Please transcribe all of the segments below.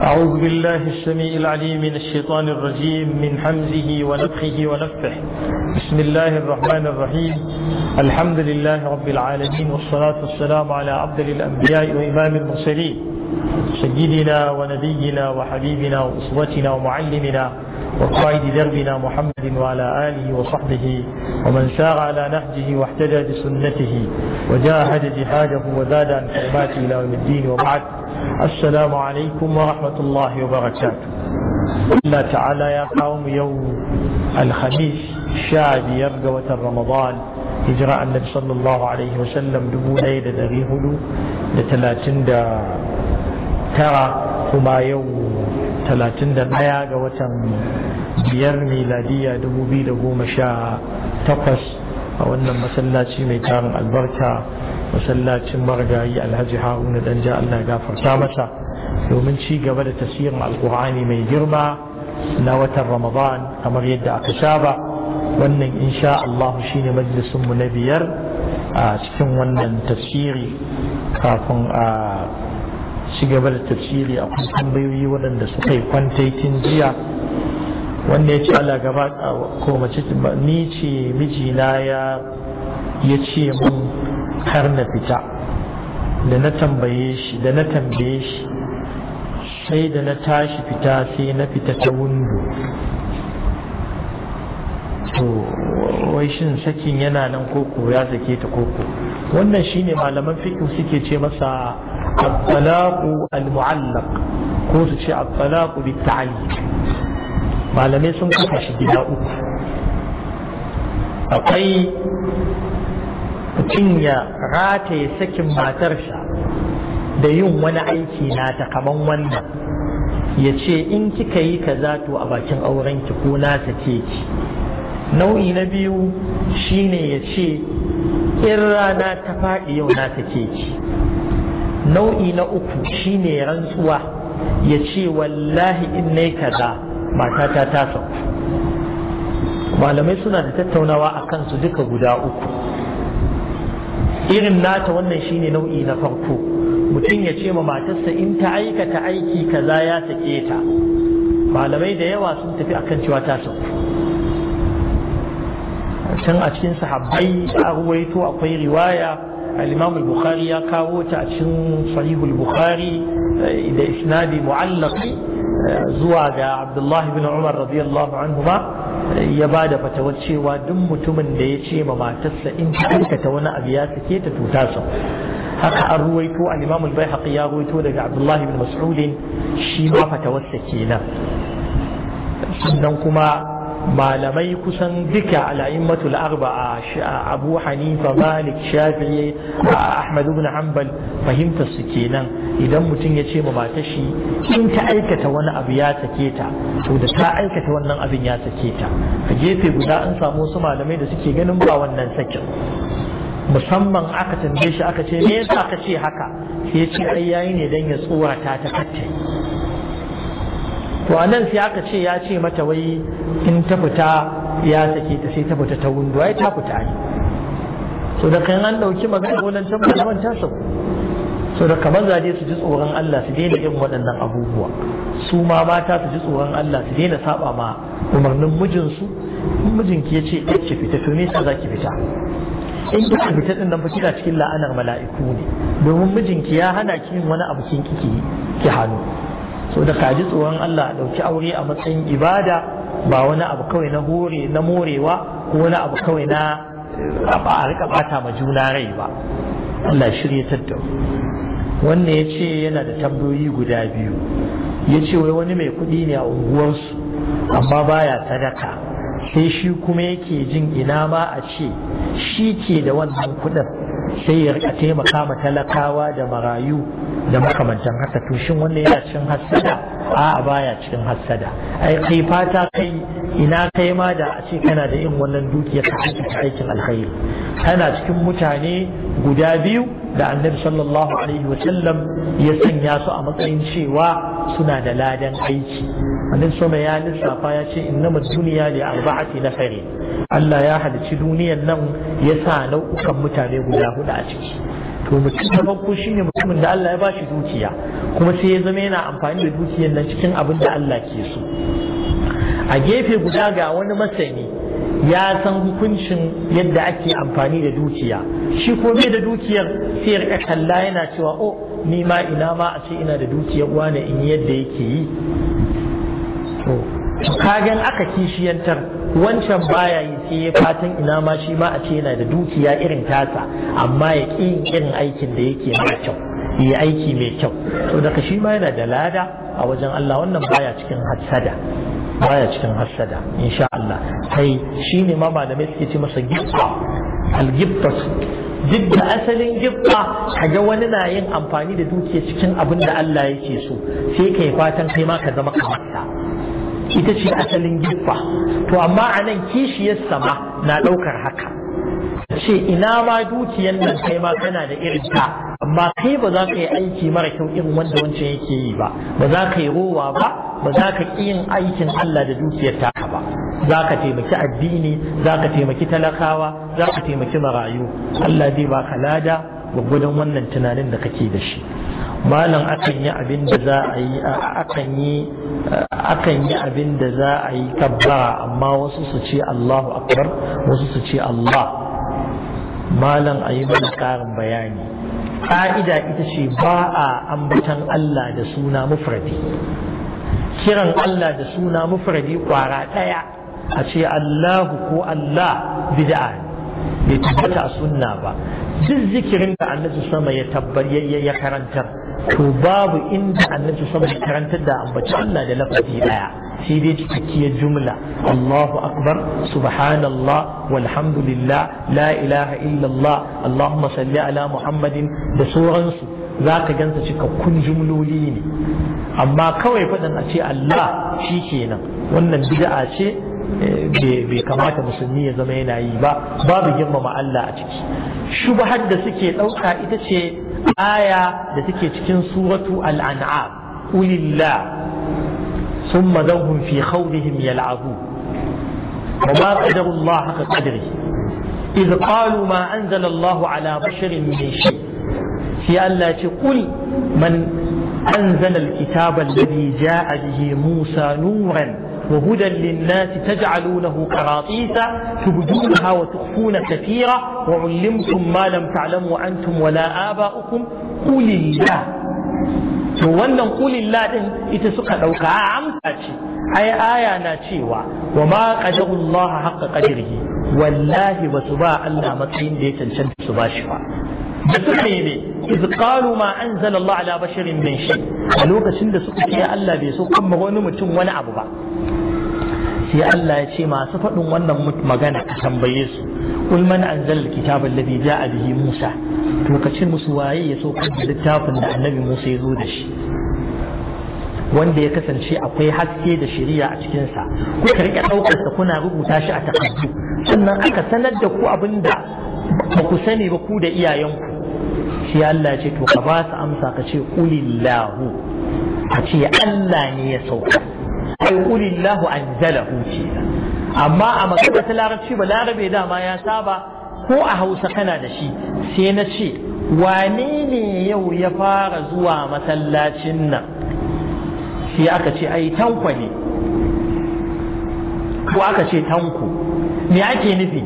أعوذ بالله السميع العليم من الشيطان الرجيم من حمزه ونفخه ونفه بسم الله الرحمن الرحيم الحمد لله رب العالمين والصلاة والسلام على عبد الأنبياء وإمام المرسلين سيدنا ونبينا وحبيبنا وأسوتنا ومعلمنا وقائد دربنا محمد وعلى آله وصحبه ومن سار على نهجه واحتجى بسنته وجاهد جهاده وزاد عن حرماته إلى يوم الدين وبعد السلام عليكم ورحمة الله وبركاته الله تعالى يا قوم يوم الخميس شاد يرقوة رمضان هجرة النبي صلى الله عليه وسلم دمو ليلة ذريه لتلاتين ترى هما يوم 31 ga watan biyar miladiya 2018 a wannan masallaci mai karin albarka masallacin marigayi alhaji haruna dan ja Allah gafarta masa domin ci gaba da tasirin alkur'ani mai girma na watan ramadan kamar yadda aka saba wannan insha Allah shine majalisun mu na biyar a cikin wannan tasiri kafin a ci gaba da tafsiri a kun tambayoyi waɗanda suka yi kwantaitin jiya wanda ya ce ala gaba ko mace ni ce mijina ya ya ce mun kar na fita da na tambaye shi da na tambaye shi sai da na tashi fita sai na fita ta wundo to wai shin sakin yana nan koko ya sake ta koko wannan shine malaman fikin suke ce masa الطلاق المعلق ko su ce الطلاق بالتعليق malamai sun kafa shi gida uku akwai mutum ya rataye sakin matarsa da yin wani aiki na ta kaman wannan ya ce in kika yi kaza to a bakin aurenki ko na sake ki nau'i na biyu shine ya ce in rana ta faɗi yau na sake ki nau'i na uku shine rantsuwa ya ce wallahi in nai kaza matata ta sauku malamai suna da tattaunawa a kansu duka guda uku irin nata wannan shine nau'i na farko mutum ya ce ma matarsa in ta aikata aiki kaza ya sake ta malamai da yawa sun tafi akan cewa ta sauku can a cikin sahabbai a ruwaito akwai riwaya al-imam bukhari ya kawo ta a cikin sahih bukhari eh, da isnadi mu'allaqi eh, zuwa ga abdullahi bin umar radiyallahu anhu ma eh, ya ba da fatawar cewa duk mutumin da ya ce ma matarsa in ta aikata wani abu sake ta tuta haka an ruwaito al-imam al-baihaqi ya ruwaito daga abdullahi bin mas'ud shi ma fatawar sa kenan dan kuma malamai kusan duka al'a'immatul arba'a abu hanifa malik shafi'i ahmad ibn hanbal fahimtar su kenan idan mutum ya ce ma mata shi in ta aikata wani abu ya sake ta to da ta aikata wannan abin ya sake ta a gefe guda an samu wasu malamai da suke ganin ba wannan sakin musamman aka tambaye shi aka ce me yasa ka ce haka sai ya ce ai yayi ne dan ya tsorata ta katte to sai aka ce ya ce mata wai in ta fita ya sake ta sai ta fita ta windo ai ta fita ai so da kan an dauki magana wannan ta malaman ta sau so da kamar zaje su ji tsoron Allah su daina irin waɗannan abubuwa su ma mata su ji tsoron Allah su daina saba ma umarnin mijinsu mijinki ya ce ki fita to me yasa zaki fita in ki fita din nan fa kina cikin la'anar mala'iku ne domin mijinki ya hana ki yin wani abu kin kike ki hannu so da ka ji tsoron Allah a ɗauki aure a matsayin ibada ba wani abu kawai na hore na morewa ko wani abu kawai na ba a rika bata ma juna rai ba Allah shirye da wannan ya ce yana da tambayoyi guda biyu ya ce wai wani mai kuɗi ne a unguwarsu amma baya sadaka sai shi kuma yake jin ina ma a ce shi ke da wannan kuɗin sai ya rika taimaka ma talakawa da marayu da makamantan haka to shin wannan yana cikin hassada A'a baya cikin hassada ai kai fata kai ina kai ma da a ce kana da yin wannan dukiyar ta aikata aikin alkhairi kana cikin mutane guda biyu da annabi sallallahu alaihi wa sallam ya sanya su a matsayin cewa suna da ladan aiki annabi sama ya lissafa ya ce innama duniya li arba'ati nafari Allah ya halicci duniyar nan ya sa nau'ukan mutane guda hudu a ciki to mutum na farko shine mutumin da Allah ya bashi dukiya kuma sai ya zama yana amfani da dukiyar nan cikin abin da Allah ke so a gefe guda ga wani masani ya san hukuncin yadda ake amfani da dukiya shi ko da dukiyar sai rika kalla yana cewa o oh, ni ma ina ma a ce ina da dukiyar wani in yadda yake yi to kagan aka kishiyantar wancan baya yi sai ya fatan ina ma shi ma a ce yana da dukiya irin tasa amma ya ƙi irin aikin da yake mai kyau yi aiki mai kyau to daga shi ma yana da lada a wajen Allah wannan baya cikin hassada baya cikin hassada insha Allah sai shine ma malamai suke ce masa gibba al-gibba duk da asalin gibba kaga wani na yin amfani da dukiya cikin abin da Allah yake so sai kai fatan kai ma ka zama kamar sa ita ce asalin gibba to amma anan kishiyar sama na daukar haka ce ina ma dukiyan nan kai ma kana da irin ta amma kai ba za ka yi aiki mara kyau irin wanda wancan yake yi ba ba za ka yi rowa ba ba za ka ƙi yin aikin Allah da dukiyar taka ba za ka taimaki addini za ka taimaki talakawa za ka taimaki marayu Allah zai ka lada gudun wannan tunanin da kake da shi malam akan yi abin da za a yi akan yi akan yi abin da za a yi kabbara amma wasu su ce Allahu akbar wasu su ce Allah malam a yi mana ƙarin bayani ƙa'ida ita ce ba a ambatan Allah da suna mufradi kiran Allah da suna mufradi kwara ɗaya a ce Allahu ko Allah bid'a bai tabbata a sunna ba duk zikirin da annabi sama ya tabbar ya karantar to babu inda annabi sama ya karantar da ambaci Allah da lafazi ɗaya sai dai cikakkiyar jumla Allahu akbar subhanallah walhamdulillah la ilaha illallah Allahumma salli ala Muhammadin da sauransu za ka gansa cikakkun jumloli ne amma kawai faɗin a ce Allah shi kenan wannan bid'a ce eh, bai kamata musulmi ya zama yana yi ba babu girmama Allah a ciki shubhar da suke ɗauka ita ce aya da take cikin suratu al-an'am ulillah ثم ذوهم في خوضهم يلعبون وما قدروا الله حق قدره إذ قالوا ما أنزل الله على بشر من شيء في ألا تقل من أنزل الكتاب الذي جاء به موسى نورا وهدى للناس تجعلونه قراطيسا تبدونها وتخفون كثيرا وعلمتم ما لم تعلموا أنتم ولا آباؤكم قل الله to wannan kulilla din ita suka ɗauka a amsa ce ai aya na cewa wa ma qadarullaha haqqa qadrihi wallahi ba su ba Allah matsayin da ya cancanta su ba shi ba da suka yi ne iz qalu ma anzala Allah ala basharin min shi a lokacin da suka ce Allah bai so kuma wani mutum wani abu ba sai Allah ya ce masu faɗin wannan magana a tambaye su kul man anzal kitaba alladhi ja'a bihi Musa to musu waye ya saukar da littafin da annabi Musa ya zo da shi wanda ya kasance akwai haske da shari'a a cikinsa ka rika ɗaukarsa kuna rubuta shi a takardu sannan aka sanar da ku abinda ba ku sani ba ku da iyayenku shi Allah ce to ka ba su amsa ka ce qulillahu a ce Allah ne ya sauka ai qulillahu anzalahu ce amma a magana ta larabci ba larabe dama ya saba ko a hausa kana da shi sai na ce wane ne yau ya fara zuwa masallacin nan sai aka ce ai tanko ne ko aka ce tanko me ake nufi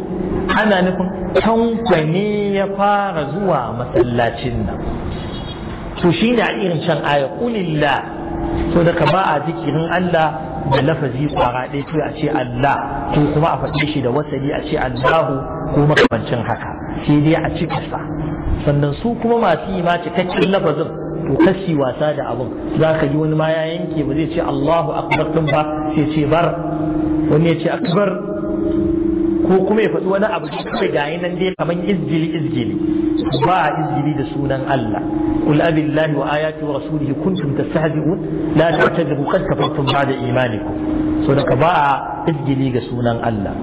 ana nufin tanko ne ya fara zuwa masallacin nan to shi ne a irin can aya kulillah so da ba a zikirin Allah da lafazi kwara ɗaya to a ce Allah ko kuma a faɗe shi da wasali a ce Allahu ko makamancin haka sai dai a ci kasa sannan su kuma masu yi ma cikakken lafazin to kasi wasa da abin za ka yi wani ma ya yanke ba zai ce Allahu akbar ɗin ba sai ce bar wani ya ce akbar ko kuma ya faɗi wani abu kai ga nan dai kamar izgili izgili ba izgili da sunan Allah qul abillahi wa ayati wa rasulihi kuntum tastahzi'un la ta'tadiru qad kafartum ba'da imanikum so da ba izgili ga sunan Allah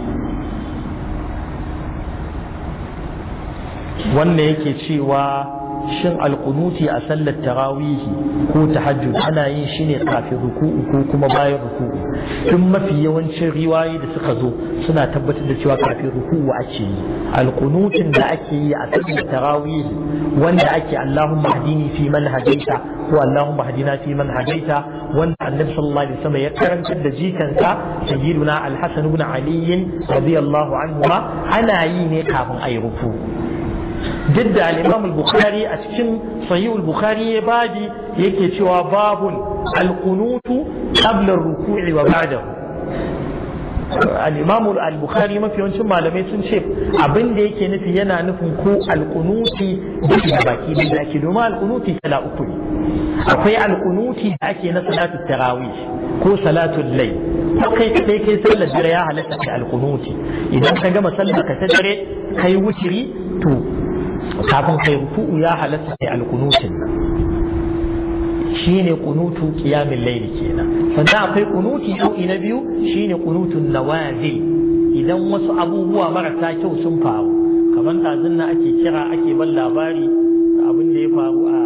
wannan yake cewa shin alkunuti a sallar tarawihi ko tahajjud ana yin shi ne kafin ruku'u ko kuma bayan ruku'u duk mafi yawancin riwayoyi da suka zo suna tabbatar da cewa kafin ruku'u ake yi alkunutin da ake yi a sallar tarawihi wanda ake Allahumma hadini fi man hadaita ko Allahumma hadina fi man hadaita wanda Annabi sallallahu alaihi wasallam ya karantar da jikansa sayyiduna Al-Hasan ibn Ali radiyallahu anhu ana yi ne kafin ayi ruku'u duk da al bukhari a cikin Sahih bukhari ya babi yake cewa babun al-qunutu qabla rukui wa ba'dahu Alimamul al-Bukhari mafi yawancin malamai sun ce abin da yake nufi yana nufin ko al-qunuti da baki da ake domin al-qunuti uku ne akwai al da ake na salatu tarawi ko salatu Lai, ko kai kai kai sallar dare ya halatta al-qunuti idan ka gama sallar ka ta dare kai wutiri to kafin kai ruku'u ya halatta kai alkunutin shine kunutu qiyamul layli kenan sannan akwai kunuti nau'i na biyu shine kunutun nawazil idan wasu abubuwa marasa kyau sun faru kamar ɗazun nan ake kira ake ban labari abin da ya faru a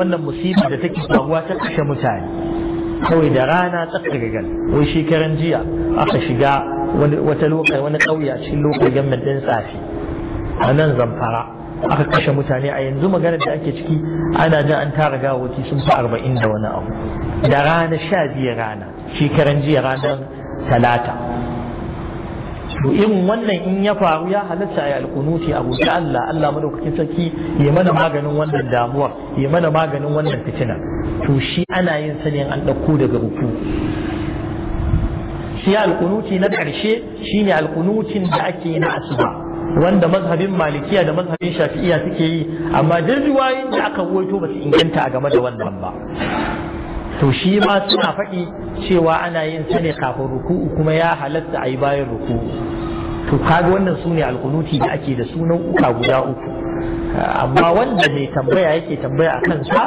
wannan musiba da take faruwa ta kashe mutane kawai da rana tsaka gagal wai shekaran jiya aka shiga wata lokaci wani ƙauye a cikin lokacin gamin ɗin tsafi a nan zamfara aka kashe mutane a yanzu maganar da ake ciki ana jin an tara gawaki sun fi arba'in da wani abu da rana sha biyu rana shekaran jiya ranar talata to in wannan in ya faru ya halatta ya alkunuti abu da Allah Allah madaukakin sarki ya mana maganin wannan damuwar ya mana maganin wannan fitina to shi ana yin sa ne an dauko daga ruku shi alkunuti na karshe shine alkunutin da ake yi na asuba wanda mazhabin malikiya da mazhabin shafi'iya suke yi amma duk riwayoyin da aka wato ba su inganta a game da wannan ba to shi ma suna faɗi cewa ana yin sa ne kafin ruku'u kuma ya halatta a yi bayan ruku'u to kaga wannan su ne alkunuti da ake da sunan uka guda uku amma wanda mai tambaya yake tambaya a kansa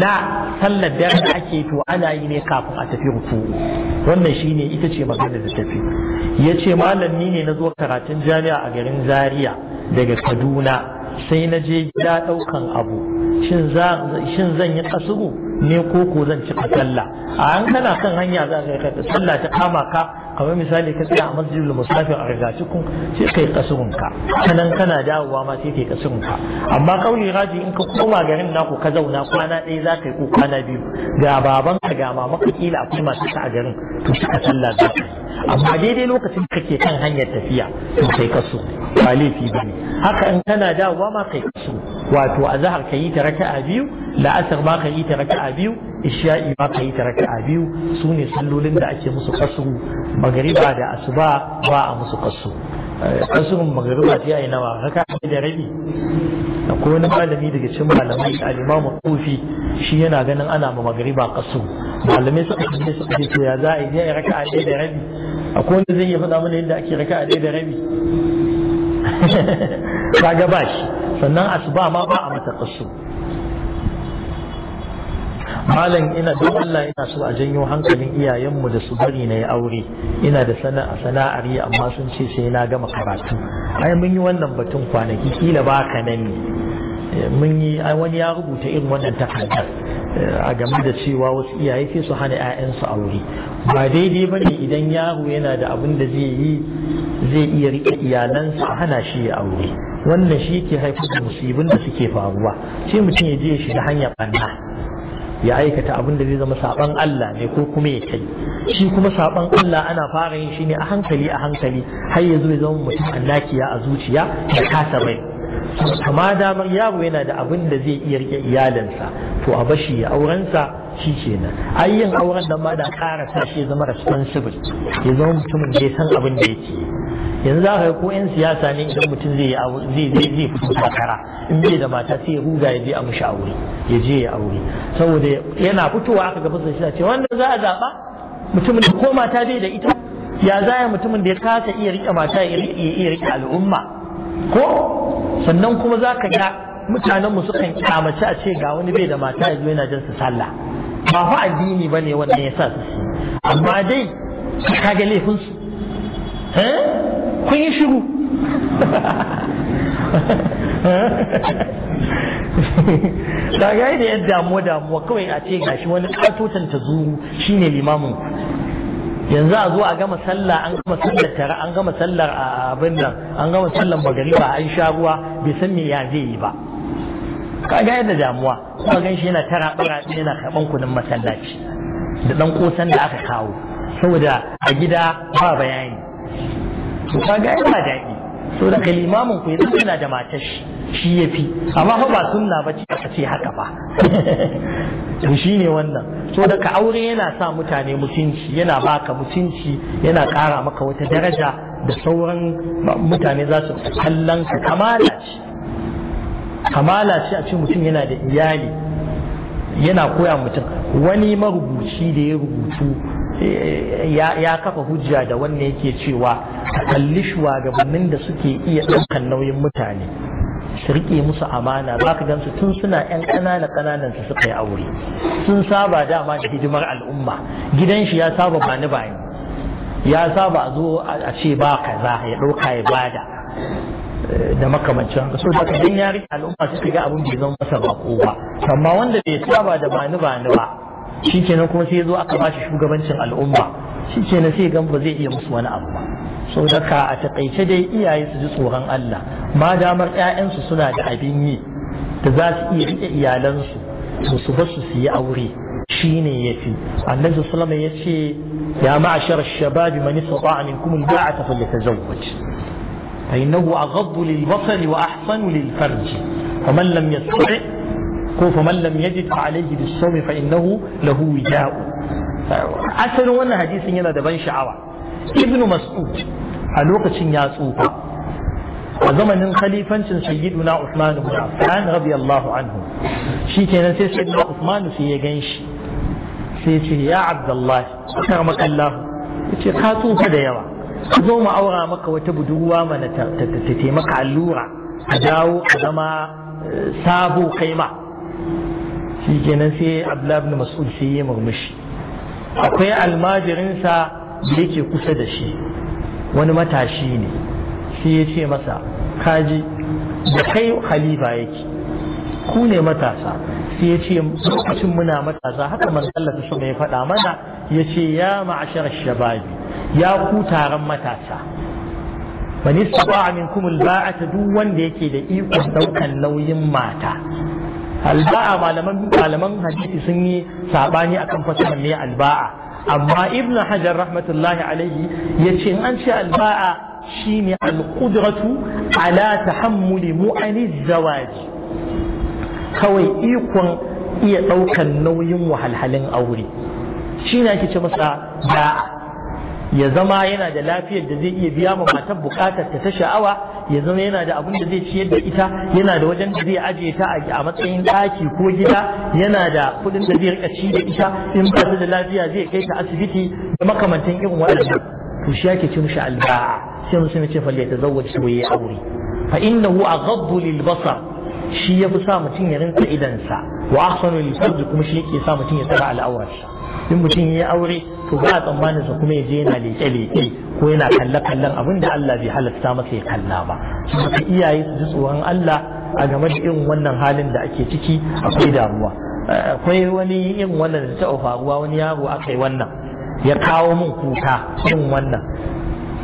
na sallar da da ake to ana yi ne kafin a tafi ruku wannan shi ne ita ce maganar da tafi ya ce malami ne na zo karatun jami'a a garin zaria daga kaduna sai na je gida ɗaukan abu shin zan yi kasuru ne koko zan ci sallah a an kana kan hanya za ka kai sallah ta kama ka kamar misali ka tsaya a masjidul musafir a rigaci kun sai kai kasurun ka sanan kana dawowa ma sai kai kasurun ka amma kauli raji in ka koma garin naku ka zauna kwana ɗaya za ka yi ko kwana biyu ga baban ka ga mama ka kila akwai masu ta a garin to cika sallah za ka amma daidai lokacin da kake kan hanyar tafiya to kai kasu. ba laifi bane haka in kana dawowa ma kai kasu. wato a zahar ka yi ta raka'a biyu la'asar ma ka yi ta raka'a biyu isha'i ma ka yi ta raka'a biyu su ne sallolin da ake musu kasuru magariba da asuba ba a musu kasu kasurun eh, magariba ta yi nawa raka da rabi akwai wani malami daga cikin malamai da alimamu kofi shi yana ganin ana ma magariba kasu malamai suka ce suka ce to ya za a yi ya raka'a ɗaya da rabi akwai wani zai iya faɗa mana yadda ake raka'a ɗaya da rabi kaga ba shi sannan asuba ma ba a mata kasu malam ina don Allah ina so a janyo hankalin iyayenmu da su bari na yi aure ina da sana'a sana'ar yi amma sun ce sai na gama karatu ai mun yi wannan batun kwanaki kila ba ka nan ne eh, mun yi wani ya rubuta irin wannan takardar eh, a game da cewa wasu iyaye ke su hana 'ya'yansu aure ba daidai ba ne idan yaro yana da abin da zai yi zai iya riƙe iyalansa hana shi ya aure wannan shi ke haifar da musibin da suke faruwa sai mutum ya je ya shiga hanyar banna ya aikata abin da zai zama saban Allah ne ko kuma ya kai shi kuma saban Allah ana fara yin shi ne a hankali a hankali har ya zo ya zama mutum annakiya a zuciya da kasa bai kama damar yaro yana da abin da zai iya rike iyalinsa to a bashi ya aurensa shi kenan ai yin auren da ma da kara sa shi zama responsible ya zama mutumin da ya san abin da yake yanzu za ka ko 'yan siyasa ne idan mutum zai zai zai fito takara in bai da mata sai ya ruga ya je a mushi aure ya je ya aure saboda yana fitowa aka gaba sai ce wanda za a zaba mutumin da ko mata bai da ita ya zaya mutumin da ya kasa iya rike mata ya iya rike al'umma ko sannan kuma za ka ga mutanenmu sukan kyamaci a ce ga wani bai da mata ya zo yana jin su sallah ba fa addini ba ne wannan ya sa su amma dai ka ga laifinsu eh? kun yi shiru ka ga da yadda damuwa damuwa kawai a ce gashi wani katotan ta zuru shine limamin yanzu a zo a gama sallah an gama sallar tare an gama sallar abin nan an gama sallar magariba an sha ruwa bai san me ya zai yi ba ka ga yadda damuwa kuma gan shi yana tara bara yana karban kudin masallaci da dan kosan da aka kawo saboda a gida ba bayani to ka ga yana daɗi saboda kalimamin ku yana da matar shi shi ya fi amma fa ba sunna ba ce aka ce haka ba to shi ne wannan so daga aure yana sa mutane mutunci yana baka mutunci yana kara maka wata daraja da sauran mutane za su kallon ka kamala ce kamala ce a ce mutum yana da iyali yana koya mutum wani marubuci da ya rubutu eh, ya kafa hujja da wannan yake cewa a kalli shugabannin da suke iya ɗaukan nauyin mutane su riƙe musu amana ba ka gansu tun suna 'yan ƙanana ƙananan su suka yi aure sun saba dama da hidimar al'umma gidan shi ya saba bani bani ya saba a zo a ce ba kaza ya ɗauka ya bada eh, da makamancin haka so daga don ya riƙe al'umma suka ga abin bai zama masa ko ba amma wanda bai saba da bani bani ba shi kenan kuma sai ya zo aka bashi shugabancin al'umma shi kenan sai gan ba zai iya musu wani abu ba so daga a taƙaice dai iyaye su ji tsoron Allah ma damar 'ya'yansu suna da abin yi da za su iya riƙe iyalansu su su basu su yi aure shine yafi ya fi annabi sallama yace ya ma'ashar shabab man istata'a minkum al-ba'ata falyatazawwaj fa innahu aghaddu lil basar wa ahsanu lil-farj wa man lam yastati' ko fa man lam yajid alayhi bis-sawm fa innahu lahu wija'u asalin wannan hadisin yana da ban sha'awa ibnu mas'ud a lokacin ya tsufa a zamanin khalifancin sayyiduna Usman ibn Affan radiyallahu anhu shikenan sai sayyiduna Usman sai ya ganshi sai ya ce ya Abdullahi karamaka Allah yace ka tsufa da yawa ka zo mu aura maka wata budurwa mana ta taimaka allura a dawo a zama eh, sabo kai ma shikenan sai Abdullahi ibn Mas'ud sai ya murmushi akwai almajirinsa da yake kusa da shi wani matashi ne sai ya ce masa kaji da kai halifa yake ku ne matasa sai ya ce lokacin muna matasa haka man Allah ta ya faɗa mana ya ce ya ma'ashar shababi ya ku taron matasa man istata'a minkum alba'ata duk wanda yake da ikon daukan nauyin mata alba'a malaman malaman hadisi sun yi sabani akan fasahan ne alba'a amma ibnu hajar rahmatullahi alaihi yace in an ce alba'a shine al-qudratu ala tahammuli mu'ani zawaji kawai ikon iya ɗaukan nauyin wahalhalin aure shi ne ake ce masa da'a ya zama yana da lafiyar da zai iya biya ma matar bukatar ta ta sha'awa ya zama yana da abin da zai ciyar da ita yana da wajen da zai ajiye ta a matsayin ɗaki ko gida yana da kuɗin da zai rika ci da ita in ba da lafiya zai kai ta asibiti da makamantan irin waɗannan to shi ake ce mishi alba'a sai mutum ya ce falle ta zawwaci ko ya aure fa innahu aghaddu lil basar shi ya fi sa mutum ya rinka idansa wa ahsanu lil farj kuma shi yake sa mutum ya tsara shi in mutum ya aure to ba a tsammanin sa kuma ya je yana leke leke ko yana kalle kallon abin da Allah bai halatta masa ya kalla ba ka iyaye su ji tsoron Allah a game da irin wannan halin da ake ciki akwai damuwa akwai wani irin wannan da ta faruwa wani yaro aka yi wannan ya kawo min kuka irin wannan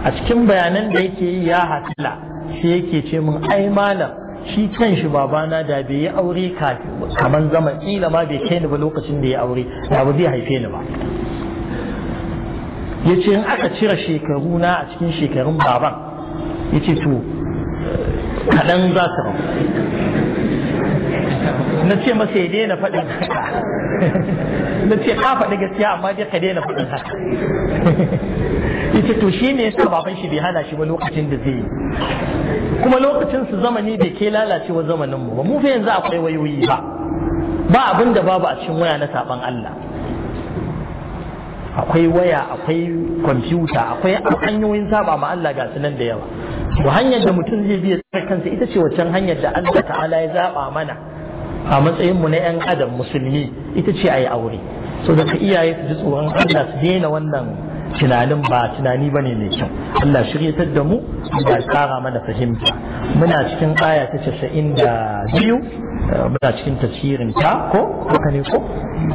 a cikin bayanan da yake yi ya hatala sai yake ce min ai malam shi kan shi babana da bai yi aure kafin kamar zama kila ma bai kai ni ba lokacin da ya aure da ba zai haife ni ba ya ce in aka cire shekaru na a cikin shekarun baban ya ce to kaɗan za su rabu na ce masa ya daina faɗin haka na ce ka faɗi gaskiya amma dai ka daina faɗin haka ita to shi ne yasa baban shi bai hana shi ba lokacin da zai yi kuma lokacin su zamani bai ke lalacewa zamanin mu ba mu fa yanzu akwai wayoyi ba ba abin da babu a cikin waya na saban Allah akwai waya akwai kwamfuta akwai hanyoyin saba ma Allah ga nan da yawa to hanyar da mutum zai biya tsare kansa ita ce waccan hanyar da Allah ta'ala ya zaba mana a matsayin mu na yan adam musulmi ita ce a yi aure so da iyaye su ji tsoron Allah su daina wannan tunanin ba tunani bane mai kyau Allah shiryatar da mu da kara mana fahimta muna cikin aya ta casa'in da biyu, eh, muna cikin tafsirin ta ko haka ne ko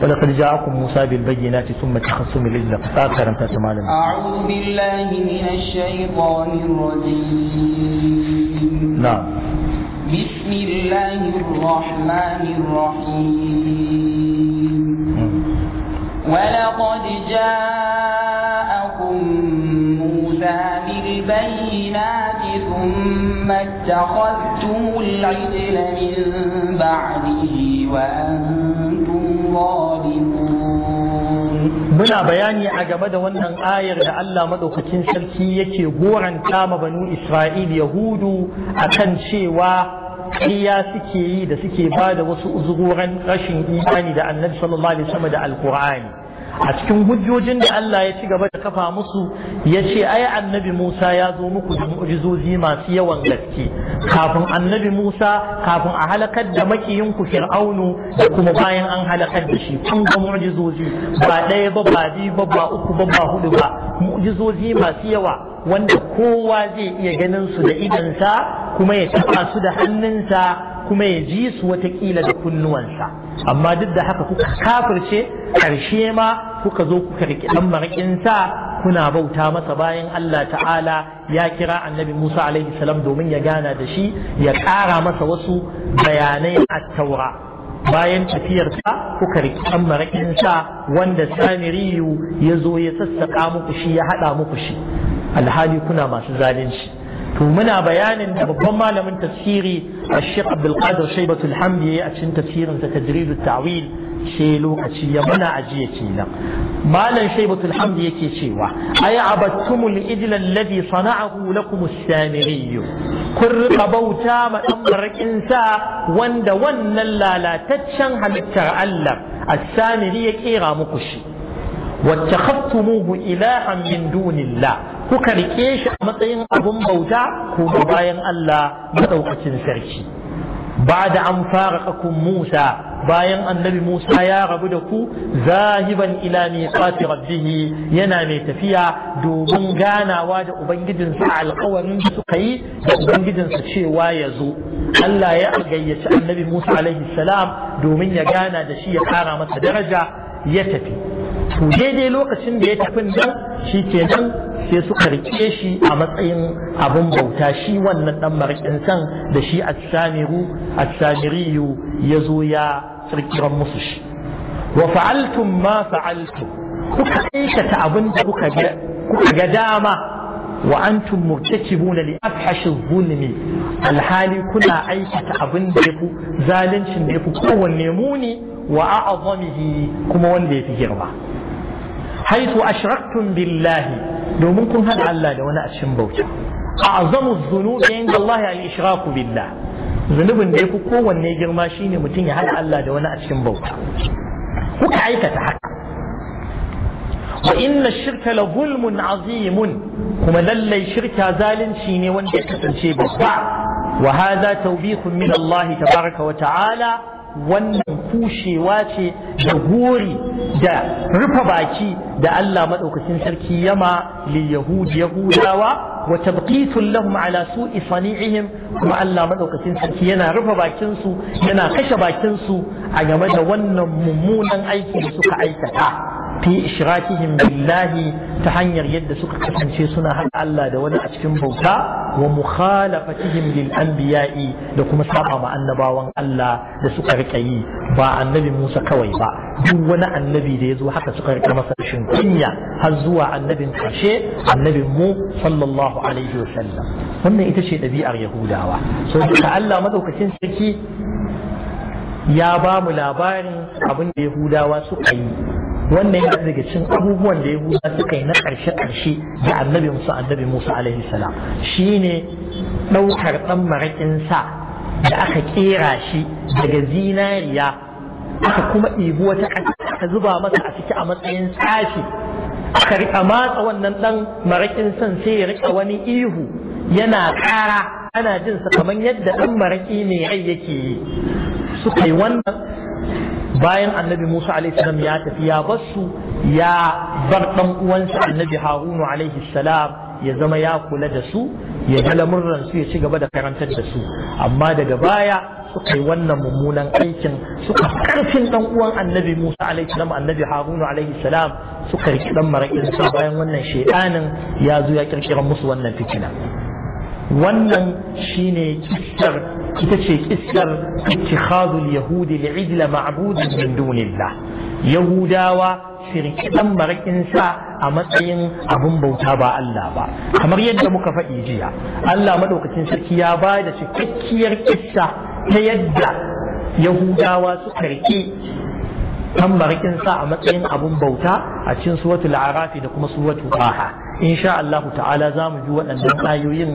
wala ja ja'akum musa bil bayyinati thumma takhassum lil aqsa karanta ta malam a'udhu billahi minash shaitanir rajim na'am بسم الله الرحمن الرحيم ولقد جاءكم موسى بالبينات ثم اتخذتم العجل من بعده وأنتم ظالمون muna bayani a game da wannan ayar da Allah madaukakin sarki yake goranta ma banu Isra'il Yahudu akan cewa ƙarya suke yi da suke ba da wasu uzuroran rashin imani da annabi sallallahu alaihi wasallam da alqur'ani a cikin hujjojin da Allah ya ci gaba da kafa musu ya ce ai annabi Musa ya zo muku da mu'jizozi masu yawan gaske kafin annabi Musa kafin a halakar da makiyin ku Fir'aunu da kuma bayan an halakar da shi kun ga mu'jizozi ba ɗaya ba ba biyu ba ba uku ba ba hudu ba mu'jizozi masu yawa wanda kowa zai iya ganin su da idansa kuma ya taɓa su da hannunsa kuma ya ji su watakila da kunnuwansa amma duk da haka kuka kafirce karshe ma kuka zo kuka riƙe ɗan sa, kuna bauta masa bayan Allah ta'ala ya kira annabi Musa alaihi salam domin ya gana da shi ya ƙara masa wasu bayanai a taura bayan tafiyarsa kuka riƙe ɗan sa, wanda samiriyu ya zo ya sassaƙa muku shi ya haɗa muku shi alhali kuna masu zalunci to muna bayanin da babban malamin tafsiri Sheikh Abdul Qadir ya yi a cikin tafsirin sa Tajridut Ta'wil she lokaci ya muna ajiye kenan malam Shaybatul Hamdi yake cewa ay abattumul ijla alladhi sana'ahu lakum as-samiri kun riƙa bauta ma dan sa wanda wannan lalataccen halittar Allah as-samiri ya kera muku shi واتخذتموه إلها من دون الله kuka rike shi a matsayin abun bauta ko bayan Allah madaukakin sarki ba da an fara kakun Musa bayan annabi Musa ya rabu da ku zahiban ila miqati rabbih yana mai tafiya domin ganawa da ubangijinsa alƙawarin da suka yi da ubangijinsa cewa ya zo Allah ya gayyaci annabi Musa alaihi salam domin ya gana da shi ya kara masa daraja ya tafi to daidai lokacin da ya tafi nan shi kenan sai suka rike shi a matsayin abin bauta shi wannan dan marikin da shi as-samiru as-samiriyu yazo ya kirkiran musu shi wa fa'altum ma fa'altu kuka aikata abin da kuka ga kuka ga dama wa antum murtakibuna li afhashi dhulmi alhali kuna aikata abin da yafi zalincin da yafi kowanne muni wa a'zamihi kuma wanda yafi girma haitu ashraktun billahi domin kun haɗa Allah da wani a cikin bauta a'zamu dhunubi inda Allah ya ishraku billah zunubin da yafi kowanne girma shine mutum ya haɗa Allah da wani a cikin bauta kuka aikata haka wa inna shirka la zulmun azimun kuma lallai shirka zalunci ne wanda ya kasance babba wa hadha tawbihun min Allah tabaraka wa ta'ala wannan kushewa ce da gori da rufe baki da Allah maɗaukacin sarki yama li yahudi yahudawa wa tabqitun lahum ala su'i sani'ihim kuma Allah maɗaukacin sarki yana rufe bakin su yana kashe bakin su a game da wannan mummunan aiki da suka aikata fi ishrakihim billahi ta hanyar yadda suka kasance suna haɗa Allah da wani a cikin bauta wa mukhalafatihim lil anbiya'i da kuma saba ma annabawan Allah da suka rika yi ba annabi Musa kawai ba duk wani annabi da ya zo haka suka rika masa shin kunya har zuwa annabin karshe annabin mu sallallahu alaihi wa sallam wannan ita ce ɗabi'ar yahudawa so duka Allah madaukakin sarki ya ba mu labarin abin da yahudawa suka yi wannan yana daga cikin abubuwan da yahuda suka yi na ƙarshe ƙarshe da annabi musa annabi musa alaihi salam shine ɗaukar ɗan maraƙin sa da aka kera shi daga zinariya aka kuma ɗibi wata aka zuba masa a ciki a matsayin tsafi aka riƙa matsa wannan ɗan maraƙin san sai ya riƙa wani ihu yana ƙara ana jinsa kamar yadda ɗan maraƙi mai rai yake yi suka yi wannan bayan annabi Musa alaihi ya tafi ya basu ya bar dan uwansa annabi Harunu alaihi ya zama ya kula da su ya ga lamurran su ya ci gaba da karantar da su amma daga baya suka yi wannan mummunan aikin suka karfin dan uwan annabi Musa alaihi salam annabi Harunu alaihi suka riki dan maraƙin bayan wannan shedanin ya zo ya kirkira musu wannan fitina wannan shine kissar ita ce kissar ittikhadul yahudi li'ijla ma'budin min dunillah yahudawa shirki dan sa a matsayin abun bauta ba Allah ba kamar yadda muka faɗi jiya Allah madaukakin sarki ya ba da cikakkiyar kissa ta yadda yahudawa suka rike dan sa a matsayin abun bauta a cikin suratu arafi da kuma suratu taha insha Allah ta'ala za mu ji waɗannan ayoyin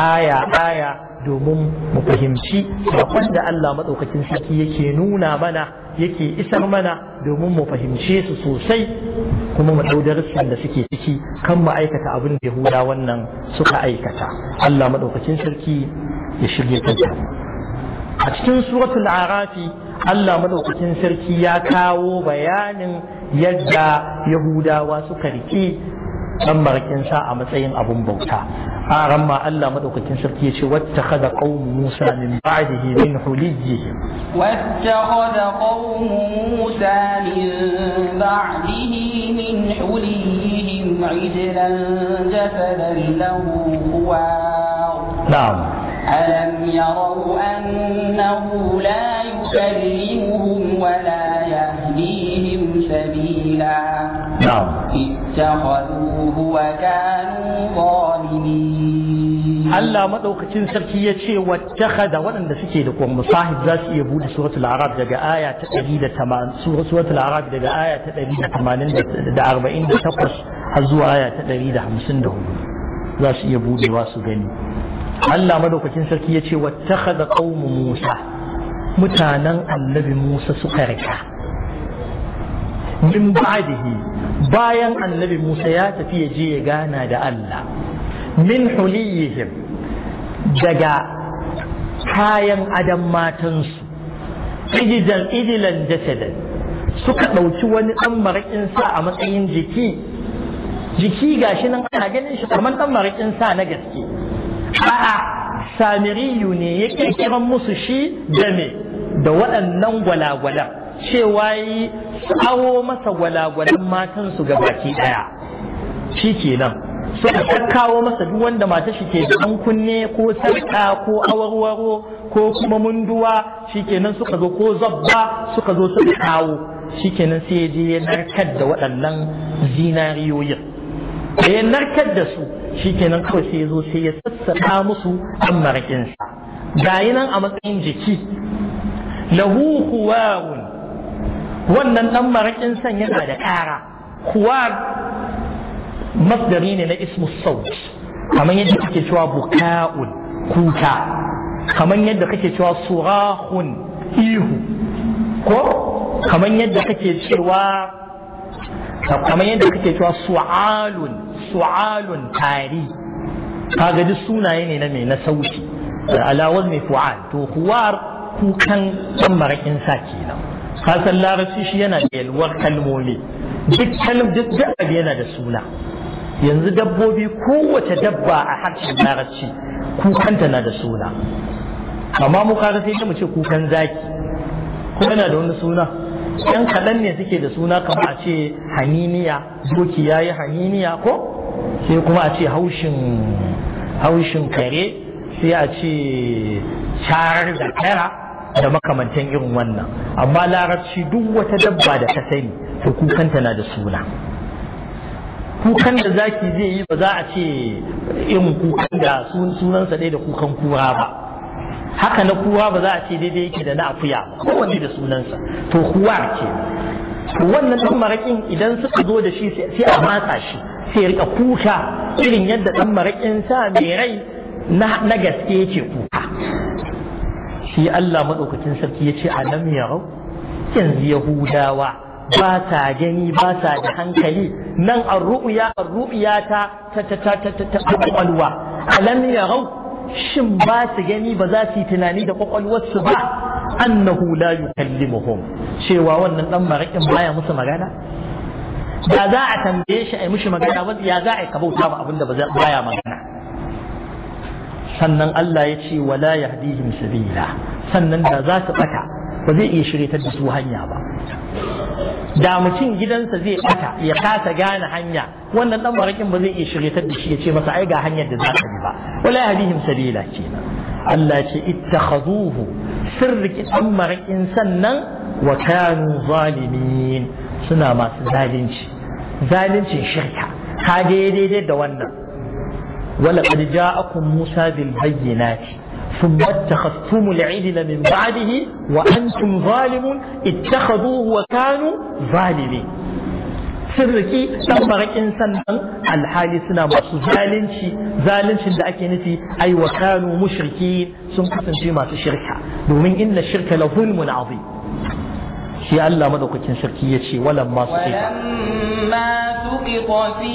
aya aya domin mu fahimci sakon da Allah maɗaukakin sarki yake nuna mana yake isar mana domin mu fahimce su sosai kuma mu ɗau darussan da suke ciki kan mu aikata abin da Yahuda wannan suka aikata Allah maɗaukakin sarki ya shirya kanta a cikin suratul arafi Allah maɗaukakin sarki ya kawo bayanin yadda Yahudawa suka rike dan marakin sa a matsayin abun bauta a ran ma Allah madaukakin sarki yace wattakhadha qaum Musa min ba'dihi min huliyihim wattakhadha qaum Musa min ba'dihi min huliyihim ijlan jasadan lahu khuwar na'am ألم يروا أنه لا يكلمهم ولا يهديهم سبيلا نعم اتخذوه وكانوا ظالمين الله مدوكتين سركي يتشي واتخذ ولن سكي لكم مصاحب ذات يبود سورة العرب دقا آية تقريدة تمان سورة العرب دقا آية تقريدة تمانين دا أربعين دا تقص هزو آية تقريدة حمسين دهم ذات يبود واسو غني الله مدوكتين سركي يتشي واتخذ قوم موسى متانا النبي موسى سكركه min ba'dihi bayan annabi Musa ya tafi ya je ya gana da Allah min huliyihim daga kayan adam matansu ijilan ijilan jasadan suka ɗauki wani ɗan maraƙin sa a matsayin jiki jiki gashi nan ana ganin shi kamar ɗan maraƙin sa na gaske a'a samiriyu ne ya kirkiran musu shi da me da waɗannan gwalagwalan cewa yi awo masa gwalagwalan matansu ga baki ɗaya shi ke nan. Su a kawo masa duk wanda mata shi ke da kunne ko sarƙa ko awarwaro ko kuma munduwa shi ke nan suka zo ko zabba suka zo suka kawo shi ke nan sai je ya narkar da waɗannan zinariyoyin da ya narkar da su shi ke nan kawai sai ya zo sai ya sassaƙa musu an maraƙinsa ga nan a matsayin jiki lahu huwarun wannan ɗan maraƙin san yana da ƙara kuwa masdari ne na ismu saut kamar yadda kake cewa buka'un kuka kamar yadda kake cewa surahun ihu ko kamar yadda kake cewa kamar yadda kake cewa su'alun su'alun tari kaga duk sunaye ne na mai na sauti ala wazni fu'al to huwar kukan ɗan maraƙin sa kenan kasan larabci shi yana da yalwar kalmomi duk kalm duk dabba yana da suna yanzu dabbobi kowace dabba a harshen larabci kukanta na da suna amma mu kaga sai mu ce kukan zaki ko yana da wani suna yan kaɗan ne suke da suna kamar a ce haniniya doki ya yi haniniya ko sai kuma a ce haushin kare sai a ce sharar da kera da makamantan irin wannan amma larabci duk wata dabba da ta sani to kukanta na da suna kukan da zaki zai yi ba za a ce irin kukan da sunansa ɗaya da kukan kura ba haka na kura ba za a ce daidai yake da na akuya kowanne da sunansa to kuwa ce wannan dan maraƙin idan suka zo da shi sai a matsa shi sai rika kuka irin yadda dan maraƙin sa mai rai na gaske yake kuka shi Allah maɗaukacin sarki ya ce alam yarau yanzu yahudawa ba sa gani ba sa da hankali nan an ru'uya an ru'uya ta ta ta ta ta ta kwakwalwa alam yarau shin ba su gani ba za su yi tunani da kwakwalwarsu ba annahu la yukallimuhum cewa wannan dan marakin baya musu magana da za a tambaye shi a yi mishi magana ya za a yi kabauta ba abinda baya magana sannan Allah ya ce wala yahdihim sabila sannan da za su bata ba zai iya shiryatar da su hanya ba da mutum gidansa zai ɓata ya kasa gane hanya wannan dan barakin ba zai iya shiryatar da shi ya ce masa ai ga hanyar da za ka bi ba wala yahdihim sabila kenan Allah ce ittakhaduhu sirriki dan marakin sannan wa kanu zalimin suna masu zalunci zaluncin shirka ka daidai da wannan ولقد جاءكم موسى بالبينات ثم اتخذتم العجل من بعده وأنتم ظالمون اتخذوه وكانوا ظالمين sirriki dan barakin sannan alhali suna masu zalunci zaluncin da ake nufi ai wa kanu mushriki sun kasance masu shirka domin inna shirka la zulmun azim shi Allah madaukakin sarki yace ce walan ma su ke fi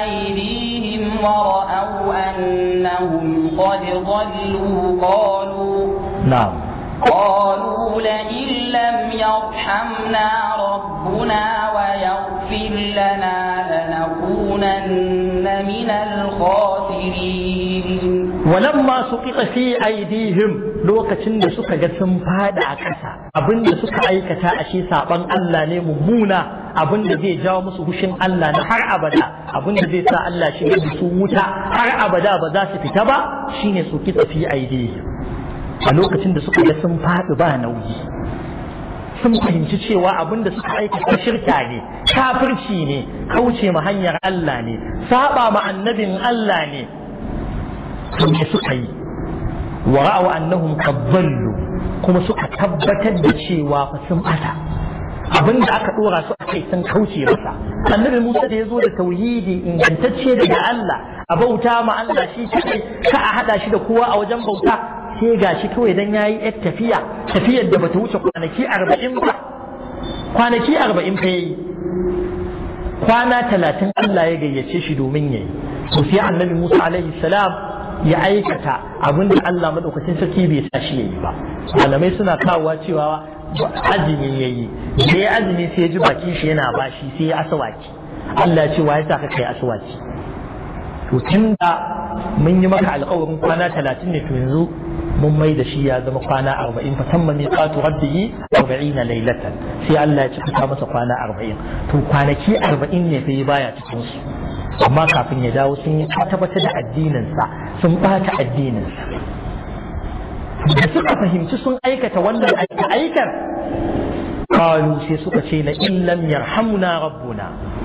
aidihim ورأوا أنهم قد ضلوا قالوا نعم قالوا لئن لم يرحمنا ربنا ويغفر لنا لنكونن من الخاسرين ولما سقط في أيديهم lokacin da suka ga sun fada a ƙasa abin da suka aikata a shi saban Allah ne mummuna abin da zai jawo musu hushin Allah na har abada abin da zai sa Allah shi ne su wuta har abada ba za su fita ba shine su kitsa fi aidi a lokacin da suka ga sun faɗi ba nauyi sun fahimci cewa abin da suka aikata shirka ne kafirci ne kauce ma hanyar Allah ne saba ma annabin Allah ne to me suka yi wa ra'aw annahum kuma suka tabbatar da cewa fa sun ata abin da aka dora su a kai sun kauce masa annabi Musa da ya zo da tauhidi ingantacce daga Allah a bauta ma Allah shi kai ka a hada shi da kowa a wajen bauta sai gashi kawai dan yayi yar tafiya tafiyar da bata wuce kwanaki 40 ba kwanaki 40 fa yayi kwana talatin Allah ya gayyace shi domin yayi to sai annabi Musa alaihi salam ya aikata abin da Allah madaukakin sarki bai sa shi yayi ba malamai suna kawowa cewa azumi ya yi da ya azumi sai ya ji bakin shi yana bashi sai ya asawaki Allah ce wa ya sa ka kai asawaki to tun da mun yi maka alƙawarin kwana talatin ne to yanzu mun mai da shi ya zama kwana arba'in fa tamma qatu rabbihi arba'ina laylatan sai Allah ya ci cika masa kwana arba'in to kwanaki arba'in ne fa baya cikin su amma kafin ya dawo sun yi tabbatar da sa sun bata addininsa da suka fahimci sun aikata wannan aikar qalu sai suka ce na in yarhamuna rabbuna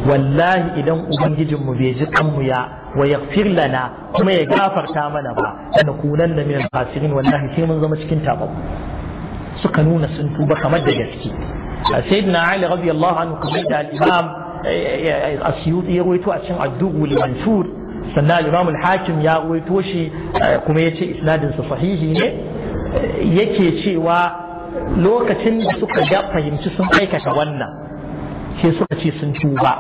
wallahi idan ubangijin mu bai ji kanmu ya wa firla lana kuma ya gafarta mana ba na kunan da min khasirin wallahi sai mun zama cikin tababu suka nuna sun tuba kamar da gaske sayyidina ali radiyallahu anhu kamar da imam eh, eh, eh, asyuti ya rawaito a cikin addu'u limansur sannan imam al-hakim ya rawaito shi kuma yace isnadin sa sahihi ne yake cewa lokacin da suka ga fahimci sun aikata wannan sai suka ce sun tuba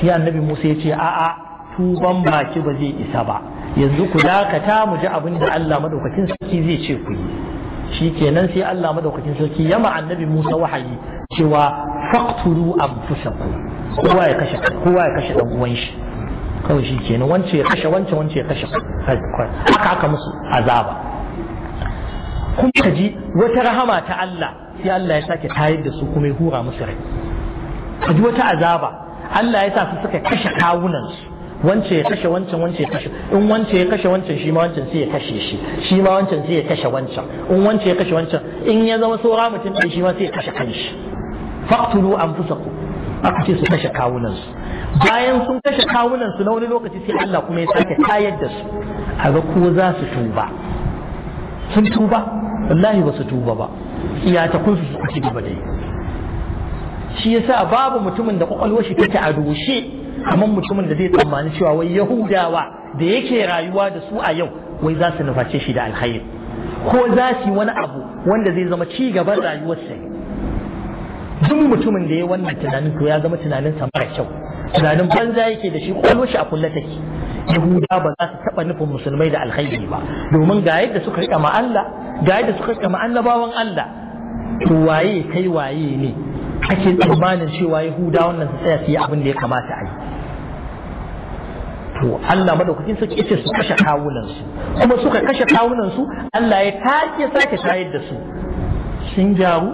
shi annabi Musa ya ce a'a tuban baki ba zai isa ba yanzu ku dakata mu ji abin da Allah madaukakin sarki zai ce ku yi shi kenan sai Allah madaukakin sarki yama annabi Musa wahayi cewa faqtulu anfusakum kowa ya kashe kowa ya kashe dan uwan shi kawai shi kenan wance ya kashe wance wance ya kashe haka aka musu azaba kuma ka ji wata rahama ta Allah sai Allah ya sake tayar da su kuma ya hura musu rai ka ji wata azaba Allah ya sa su suka kashe kawunan su. wance ya kashe wancan wance ya kashe in wance ya kashe wancan shi ma wancan sai ya kashe shi shi ma wancan sai ya kashe wancan in wance ya kashe wancan in ya zama saura mutum ɗin shi ma sai ya kashe kanshi faqtulu anfusakum aka ce su kashe kawunan su. bayan sun kashe kawunan su na wani lokaci sai Allah kuma ya sake tayar da su a ga ko za su tuba sun tuba wallahi ba su tuba ba iya ta kunsu su suka ba dai shi yasa babu mutumin da kwakwalwar shi take a dushe amma mutumin da zai tsammani cewa wai yahudawa da yake rayuwa da su a yau wai za su nuface shi da alkhairi ko za su yi wani abu wanda zai zama ci gaban rayuwarsa duk mutumin da ya wannan tunanin to ya zama tunanin sa mara kyau tunanin banza yake da shi kwakwalwar shi a kulle take yahuda ba za su taɓa nufin musulmai da alkhairi ba domin ga yadda suka rika ma Allah ga yadda suka kama annabawan Allah to waye kai waye ne ake tsammanin cewa yahuda wannan su tsaya su yi abin da ya kamata a yi to Allah madaukakin sarki yace su kashe kawunan su kuma suka kashe kawunan su Allah ya take sake shayar da su sun gyaru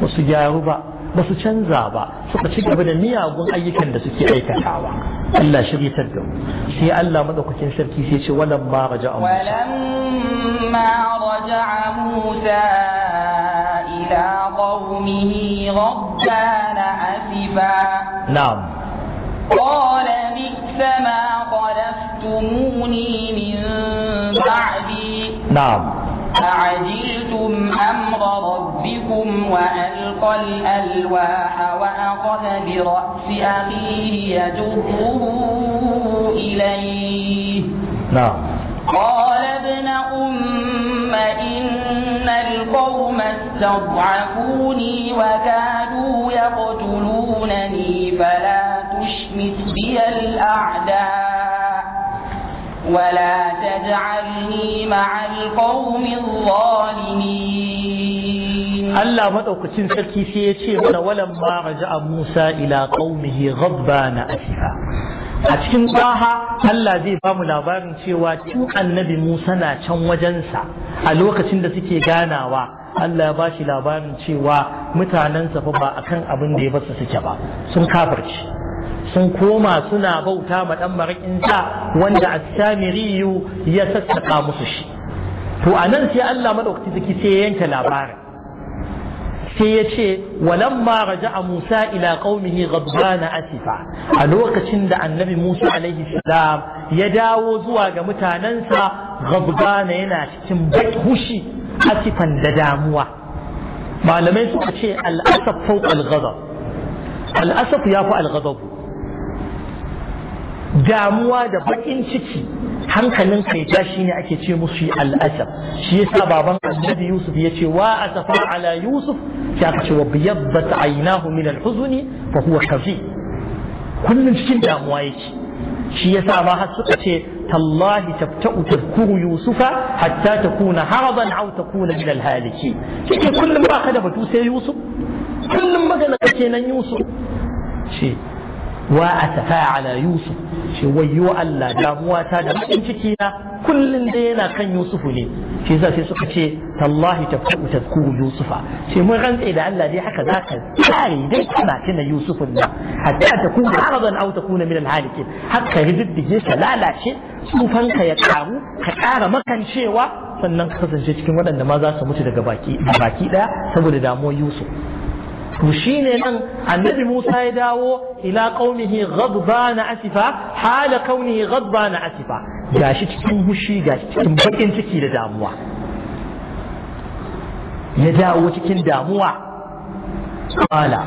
ba su gyaru ba ba su canza ba suka ci gaba da miyagun ayyukan da suke aikatawa Allah shirye ta da sai Allah madaukakin sarki sai ce walam ma raja'a Musa walam ma raja'a Musa ila qaumihi غضبان أسفا نعم قال بئس ما خلفتموني من بعدي نعم أعجلتم أمر ربكم وألقى الألواح وأخذ برأس أخيه يجره إليه نعم قال ابن أم إن القوم استضعفوني وكادوا يقتلونني فلا تشمت بي الأعداء ولا تجعلني مع القوم الظالمين الله مدوكتين سلكي سيتي ولا ولما رجع موسى إلى قومه غضبان أسفا a cikin tsaha Allah zai ba mu labarin cewa tun annabi Musa na can wajensa a lokacin da suke ganawa Allah ya ba shi labarin cewa mutanensa fa ba akan abin da ya basu suke ba sun shi. sun koma suna bauta ma ɗan maraƙin sa wanda as-samiriyu ya sassaka musu shi to anan sai Allah madaukaki saki sai ya yanke labarin sai ya ce walamma raja'a Musa ila qaumihi ghadbana asifa a lokacin da annabi Musa alaihi salam ya dawo zuwa ga mutanensa ghadbana yana cikin hushi asifan da damuwa malamai suka ce al'asaf fawqa al-ghadab yafi al-ghadab damuwa da baƙin ciki hankalin kai shine ne ake ce musu al'asab shi yasa baban annabi yusuf ya ce wa asafa ala yusuf ya ce wa aina hu min al-huzni huwa kafi Kullum cikin damuwa ce. shi yasa ba har suka ce tallahi tabta'u tadhkuru yusufa hatta takuna haradan aw takuna min al kike Kullum ba ka da batu sai yusuf Kullum magana kake nan yusuf shi wa asafa ala yusuf ce wayyo Allah damuwa ta da bakin ciki na kullun da yana kan Yusufu ne shi yasa sai suka ce tallahi tafku tafku Yusufa ce mun rantsa da Allah dai haka zaka tsare dai kana tuna Yusufun nan hatta ta kuma aradan aw takuna min al-halikin haka ka lalace tsufanka ya karu ka ƙara makancewa sannan ka kasance cikin waɗanda ma za su mutu daga baki baki daya saboda damuwar Yusuf to ne nan annabi Musa ya dawo ila qaumihi na asifa hala kaunihi na asifa shi cikin hushi gashi cikin baƙin ciki da damuwa ya dawo cikin damuwa qala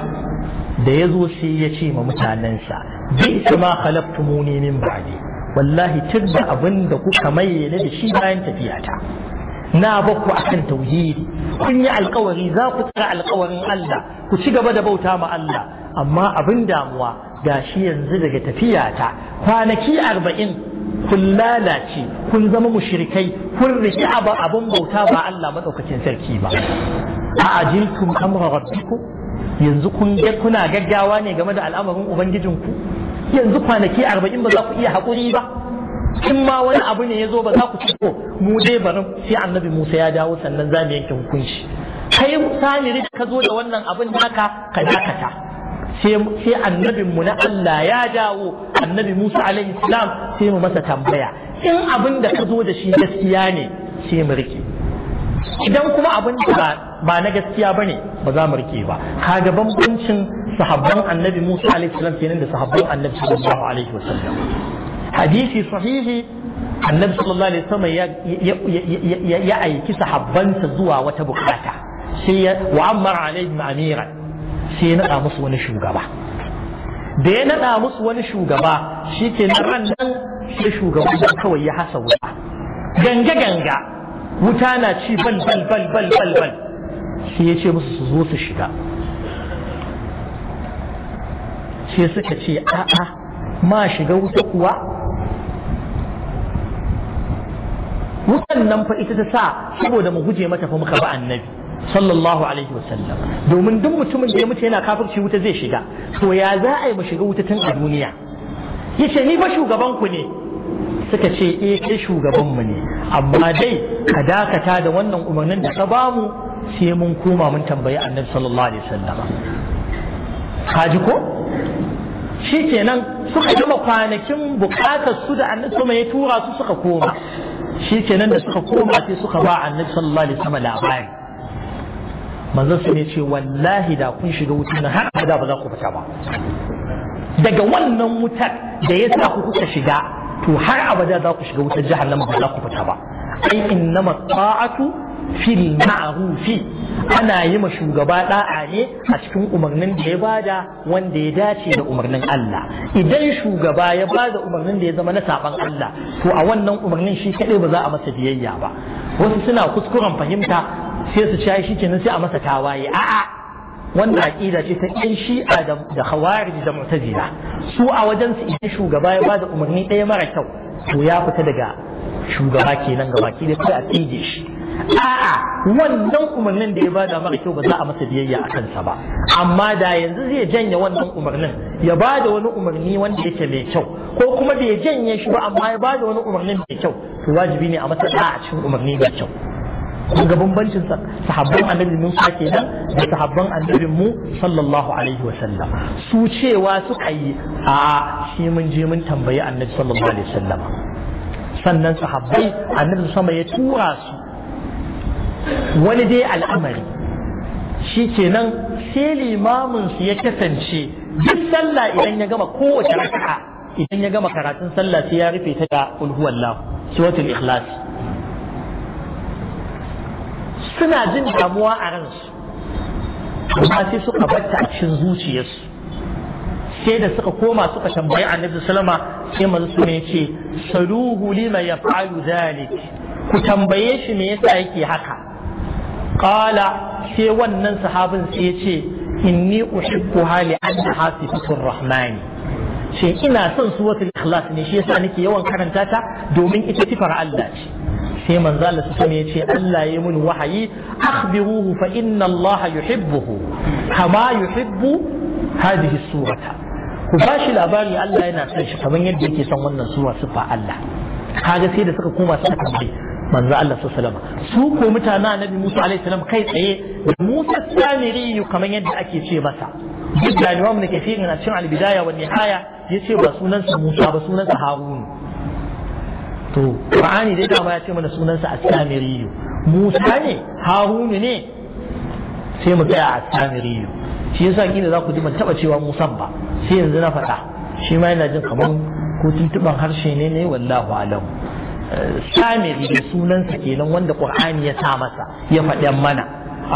da ya zo sai ya ce ma mutanensa bi ma khalaqtumuni min ba'di wallahi tudda abin da kuka mayyana da shi bayan tafiyata na bakku akan tauhidi kun yi alkawari za ku tsara alkawarin Allah ku ci gaba da bauta ma Allah amma abin damuwa gashi yanzu daga tafiya ta kwanaki arba'in kun lalace kun zama mushrikai kun riki abin bauta ba Allah maɗaukacin sarki ba a ajiltum amra rabbikum yanzu kun kuna gaggawa ne game da al'amarin ubangijinku yanzu kwanaki arba'in ba za ku iya haƙuri ba in ma wani abu ne ya zo ba za ku ci ko mu dai barin sai annabi Musa ya dawo sannan za mu yanke hukunci kai samiri ka zo da wannan abin haka? ka dakata sai annabin mu na Allah ya dawo annabi Musa alaihi salam sai mu masa tambaya in abin da ka zo da shi gaskiya ne sai mu rike idan kuma abin ba na gaskiya bane ba za mu rike ba kaga bambancin sahabban annabi Musa alaihi salam kenan da sahabban annabi sallallahu alaihi wasallam hadisi sahihi annabi sallallahu alaihi wasallam ya aiki sahabbansa zuwa wata bukata sai ya wa'ammar alaihim amiran sai ya nada musu wani shugaba da ya nada musu wani shugaba shike nan ran nan sai shugaban kawai ya hasa wuta ganga ganga wuta na ci bal bal bal bal bal bal sai ya ce musu su zo su shiga sai suka ce a'a ma shiga wuta kuwa wutan nan fa ita ta sa saboda mu guje mata fa muka ba annabi sallallahu alaihi wasallam domin duk mutumin da ya mutu yana kafirci wuta zai shiga to ya za a yi mu shiga wuta tun a duniya yace ni fa shugaban ku ne suka ce eh kai shugaban mu ne amma dai ka dakata da wannan umarnin da ka bamu sai mun koma mun tambayi annabi sallallahu alaihi wasallam ka ji ko shi kenan suka gama kwanakin bukatar su da annabi ya tura su suka koma shi kenan da suka koma sai suka ba annabi sallallahu alaihi wasallam labari manzo su ne ce wallahi da kun shiga wuta na har abada ba za ku fita ba daga wannan wutar da ya sa ku kuka shiga to har abada za ku shiga wutar jahannama ba za ku fita ba ai innama ta'atu fil ma'rufi ana yi ma shugaba da'a ne a cikin umarnin da ya bada wanda ya dace da umarnin Allah idan shugaba ya bada umarnin da ya zama na saban Allah to a wannan umarnin shi kadai ba za a masa biyayya ba wasu suna kuskuren fahimta sai su ci shi kenan sai a masa tawaye a'a wannan aqida ce ta yan shi'a da khawarij da mu'tazila su a wajen su idan shugaba ya bada umarni ɗaya mara kyau to ya fita daga shugaba kenan gabaki da a tsige shi a'a wannan umarnin da ya ba da mara kyau ba za a masa biyayya a kansa ba amma da yanzu zai janye wannan umarnin ya ba da wani umarni wanda yake mai kyau ko kuma bai janye shi ba amma ya ba da wani umarnin mai kyau to wajibi ne a masa a cikin umarni mai kyau ga bambancin sahabban annabi mun sa kenan da sahabban annabin mu sallallahu alaihi wa sallam su cewa suka yi a shi mun je mun tambayi annabi sallallahu alaihi wa sallam sannan sahabbai annabi sama ya tura su wani dai al'amari shi kenan sai limamin su ya kasance duk sallah idan ya gama kowace raka'a idan ya gama karatun sallah sai ya rufe ta da qul huwallahu ikhlas suna jin damuwa a ransu amma sai suka batta a cikin zuciyarsu sai da suka koma suka tambayi annabi sallama sai manzo sun ce, saluhu lima yaf'alu dhalik ku tambaye shi me yasa yake haka Ƙala sai wannan sahabin sai ya ce inni uhibbu hali annaha sifatur rahmani shi ina son suratul ikhlas ne shi yasa nake yawan karanta ta domin ita sifar Allah ce sai manzo Allah sai ya ce Allah ya mun wahayi akhbiruhu fa inna Allah yuhibbuhu kama yuhibbu hadhihi surata ku bashi labari Allah yana son shi kamar yadda yake son wannan sura sifa Allah kaga sai da suka koma suka tambaye manzo Allah sallallahu su ko mutanen annabi Musa alaihi salam kai tsaye da Musa samiri kamar yadda ake ce masa duk da Imam Ibn Kathir na cikin al-Bidaya wa Nihaya yace ba sunansa Musa ba sunansa Harun to Qur'ani dai da ya ce mana sunansa as-samiri Musa ne Harun ne sai mu tsaya as-samiri shi yasa kina za ku ji ban taba cewa Musa ba sai yanzu na faɗa shi ma yana jin kamar ko tuntuban harshe ne ne wallahu alam samiri da sunansa kenan wanda ƙur'ani ya sa masa ya faɗan mana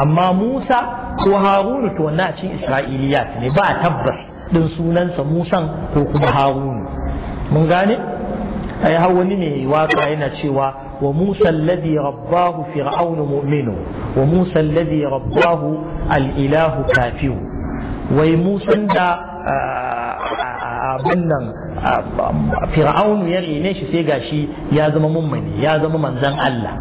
amma musa ko harunu to wannan a cikin isra'iliya ne ba tabbas ɗin sunansa musan ko kuma harunu mun gane ai har wani ne waka yana cewa wa musa alladhi rabbahu fir'aun mu'minu wa musa alladhi rabbahu al-ilahu kafiru wai musan da ah, ah, ah, abin nan fir'aunu ya rene shi sai gashi ya zama mummuni ya zama manzan Allah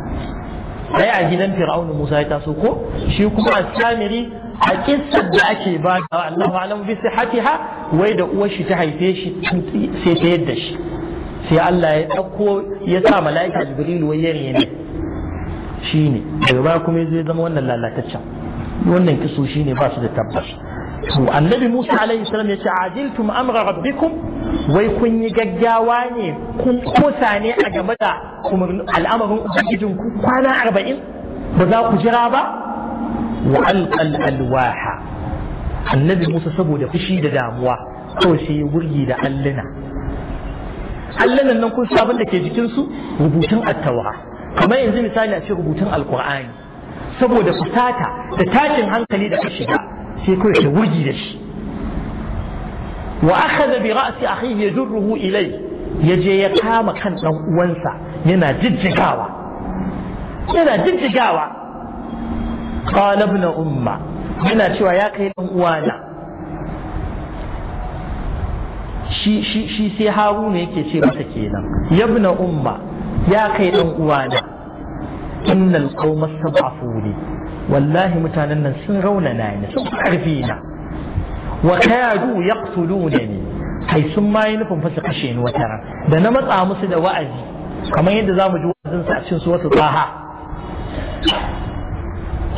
sai a gidan fir'aunu Musa ya taso ko shi kuma a samiri a kissar da ake ba da Allahu alam bi sihatiha wai da uwar shi ta haife shi sai ta yadda shi sai Allah ya dauko ya sa mala'ika Jibril wai ya rene shine daga baya kuma zai zama wannan lalataccen wannan kiso shine ba su da tabbas to annabi Musa alayhi salam ya ce ajiltum amra rabbikum wai kun yi gaggawa ne kun kosa ne a game da al'amarin ubangijin ku kwana arba'in ba za ku jira ba wa alqal alwaha annabi Musa saboda fushi da damuwa to sai ya wurgi da alluna allunan nan kun sabon da ke jikin su rubutun at kamar yanzu misali a ce rubutun alqur'ani saboda fusata da tashin hankali da ka shiga sai kawai shi waji da shi wa akhadha bi ra'si akhihi yajruhu ilai yaje ya kama kan dan uwansa yana jijjigawa yana jijjigawa qala ibn umma yana cewa ya kai dan uwana shi shi shi sai haruna yake ce masa kenan yabna umma ya kai dan uwana innal qawma sab'afuni wallahi mutanen nan sun raunana ni sun karfi na wa kadu yaqtulunani kai sun ma nufin fasa kashe ni wata ran da na matsa musu da wa'azi kamar yadda mu ji wa'azin sa a cikin su wata tsaha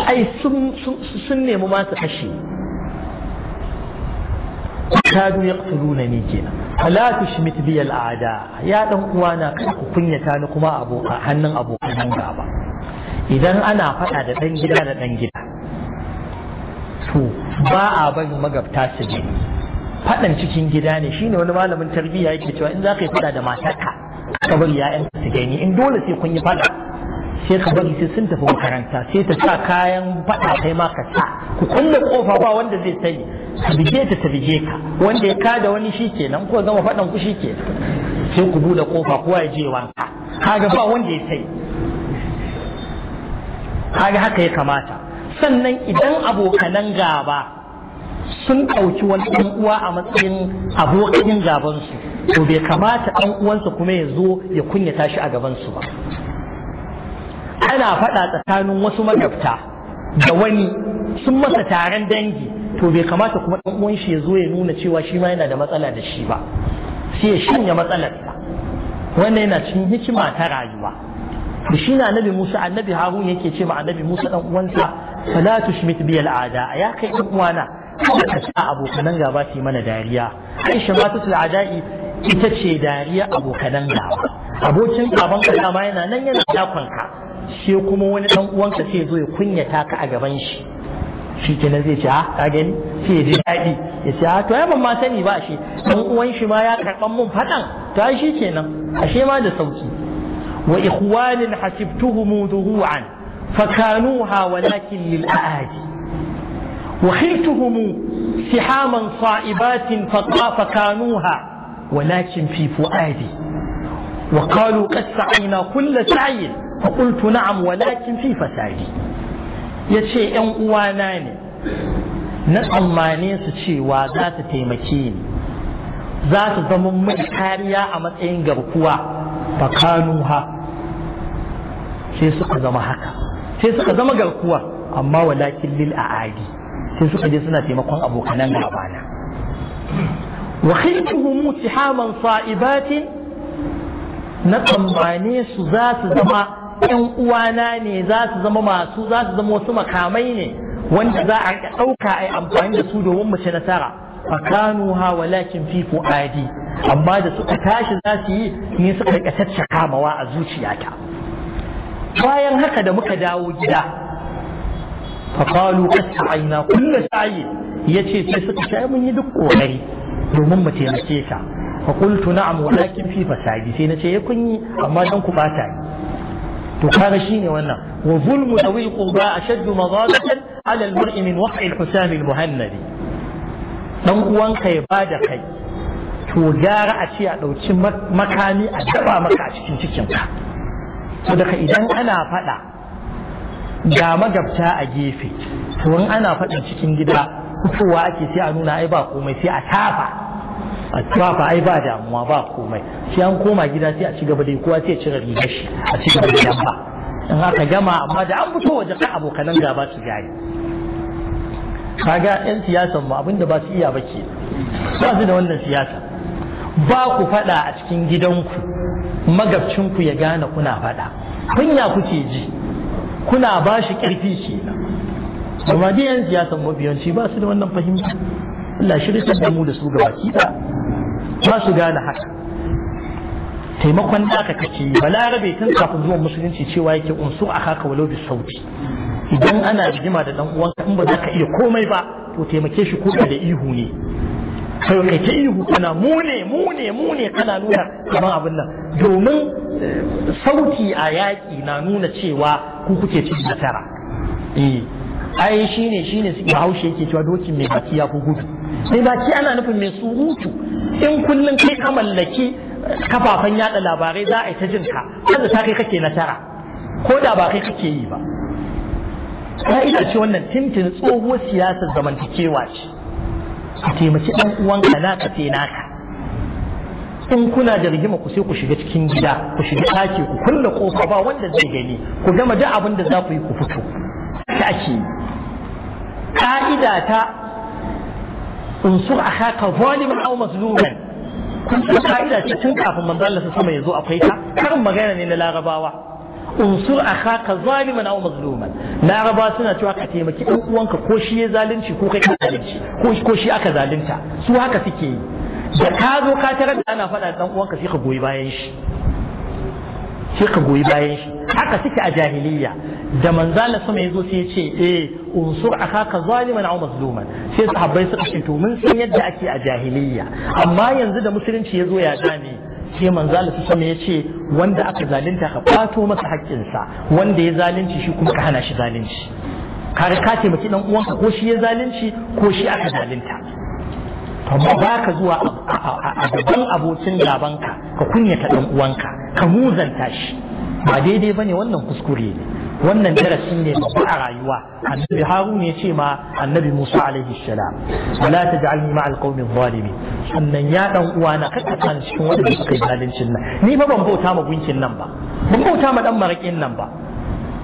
ai sun nemi ma su kashe kadu yaqtulunani kenan fala tushmit bi al a'da ya ɗan uwana ka kunyata ni kuma hannun abokan gaba idan ana faɗa da ɗan gida da ɗan gida to ba a barin magabta su je faɗan cikin gida ne shine wani malamin tarbiyya yake cewa in za ka yi faɗa da matarka ka bari ya'yan su gani in dole sai kun yi faɗa sai ka bari sai sun tafi makaranta sai ta sa kayan faɗa kai ma ka sa ku kulle kofa ba wanda zai sani ka bige ta ta bige ka wanda ya kada wani shi kenan ko gama faɗan ku shi kenan sai ku buɗe kofa kowa ya je wanka kaga ba wanda ya sani kaga haka ya kamata sannan idan abokanan gaba sun ɗauki wani ɗan uwa a matsayin abokin gabansu to bai kamata ɗan uwansa kuma ya zo ya kunyata shi a gabansu ba ana faɗa tsakanin wasu magabta da wani sun masa taron dangi to bai kamata kuma ɗan uwan shi ya zo ya nuna cewa shi ma yana da matsala da shi ba sai ya shanya matsalarsa wannan yana cikin hikima ta rayuwa da shi na annabi Musa annabi Harun yake ce ma annabi Musa dan uwansa fala tushmit bi a ya kai ɗan uwana ka sa abokanan gaba su mana dariya Aisha ma tusul adai ita ce dariya abokanan gaba abokin gaban ka ma yana nan yana dakon ka sai kuma wani ɗan uwanka sai zo ya kunyata ka a gaban shi shi zai ce ah ka gani sai ya ji daɗi ya ce ah to ai ban ma sani ba shi Ɗan uwan shi ma ya karɓan mun fadan to ai shi kenan ashe ma da sauki وإخوان حسبتهم ذروعا فكانوها ولكن للأعادي وخلتهم سحاما صائبات فكانوها ولكن في فؤادي وقالوا قد سعينا كل سعي فقلت نعم ولكن في فسادي شيء أن أواناني نسال ما وذات شيء وذات su ذات ضمم kariya a matsayin قوى fakanuha sai suka zama haka sai suka zama garkuwa amma walakin lil a'adi sai suka je suna taimakon abokanan gabana wa khiltuhum tihaman sa'ibatin na tsammane su za su zama ‘yan uwana ne za su zama masu za su zama wasu makamai ne wanda za a ɗauka a yi amfani da su domin mace nasara fakanu ha walakin fi fu'adi amma da suka tashi za su yi ni suka rika kamawa a zuciyata bayan haka da muka dawo gida faƙalu kasu aina kulle sa'i ya ce sai suka sha mun yi duk ƙoƙari domin mu taimake ka faƙultu na'am walakin fi fasadi sai na ce ya eh, kun yi amma dan ku bata ni to kaga shine wannan wa zulmu dawi quba ashaddu madadatan ala al-mar'i min waqi al-husam al-muhannadi dan uwanka ya bada kai to gyara a ce a ɗauki makami a daba maka a cikin cikinka to daga idan ana faɗa ga magabta a gefe to in ana faɗin cikin gida fitowa ake sai a nuna ai ba komai sai a tafa a tafa ai ba damuwa ba komai sai an koma gida sai a ci gaba da kowa sai cire rigar shi a ci gaba da yamma in aka gama amma da an fito waje ka abokanan gaba su gari kaga yan siyasan mu abinda ba su iya ba ke ba su da wannan siyasa ba ku faɗa a cikin gidanku magabcinku ya gane kuna faɗa kunya kuke ji kuna ba shi ƙarfi kenan amma dai yan siyasan mabiyanci ba su da wannan fahimta Allah shi rikin da mu da su gaba da ba su gane haka taimakon da kake yi balarabe tun kafin zuwan musulunci cewa yake unsu a haka walau bi sauti idan ana rigima da dan uwanka in ba za ka iya komai ba to taimake shi ko da ihu ne kai kai ta ihu kana mune mune mune kana nuna kamar abin nan domin eh, sauti a yaƙi na nuna cewa ku kuke cin nasara eh ai shine shine haushe yake cewa dokin mai baki ya ku gudu mai baki ana nufin mai surutu in kullum kai ka mallaki eh, kafafen yada labarai za a yi ta jin ka kada ta kai kake nasara ko da ba kai kake yi ba ita ce wannan tintin tsohuwar siyasar zamantakewa ce ka taimaki ɗan uwanka naka sai naka in kuna da rigima ku sai ku shiga cikin gida ku shiga ɗaki ku kulle kofa ba wanda zai gani ku gama duk abin da za ku yi ku fito ta ake ka'ida ta aka akhaka zaliman au mazluman kun san ka'ida ce tun kafin manzo Allah sama ya zo akwai ta karin magana ne na larabawa unsur akhaka zaliman aw mazluman laraba suna cewa ka taimaki dan uwanka ko shi ya zalunci ko kai ka zalunci ko ko shi aka zalunta su haka suke yi da ka zo ka tarar da ana faɗa dan uwanka sai ka goyi bayan shi sai ka goyi bayan shi haka suke a jahiliya da manzala sama yazo sai ya ce eh unsur akaka zaliman aw mazluman sai sahabbai suka ce to mun san yadda ake a jahiliya amma yanzu da musulunci yazo ya dame sai manzo Allah ya ce wanda aka zalunta ka kwato masa haƙƙinsa wanda ya zalunci shi kuma ka hana shi zalunci Kare ka taimaki dan uwanka ko shi ya zalunci ko shi aka zalunta amma ba ka zuwa a gaban abokin gabanka ka kunyata dan uwanka ka muzanta shi ba daidai bane wannan kuskure ne wannan darasi ne babba a rayuwa annabi harun ya ce ma annabi musa alaihi salam wala taj'alni ma alqawmi zalimin sannan ya dan uwana kakka kan cikin wanda suka yi zalincin nan ni ba ban bauta ma gunkin nan ba ban bauta ma dan maraƙin nan ba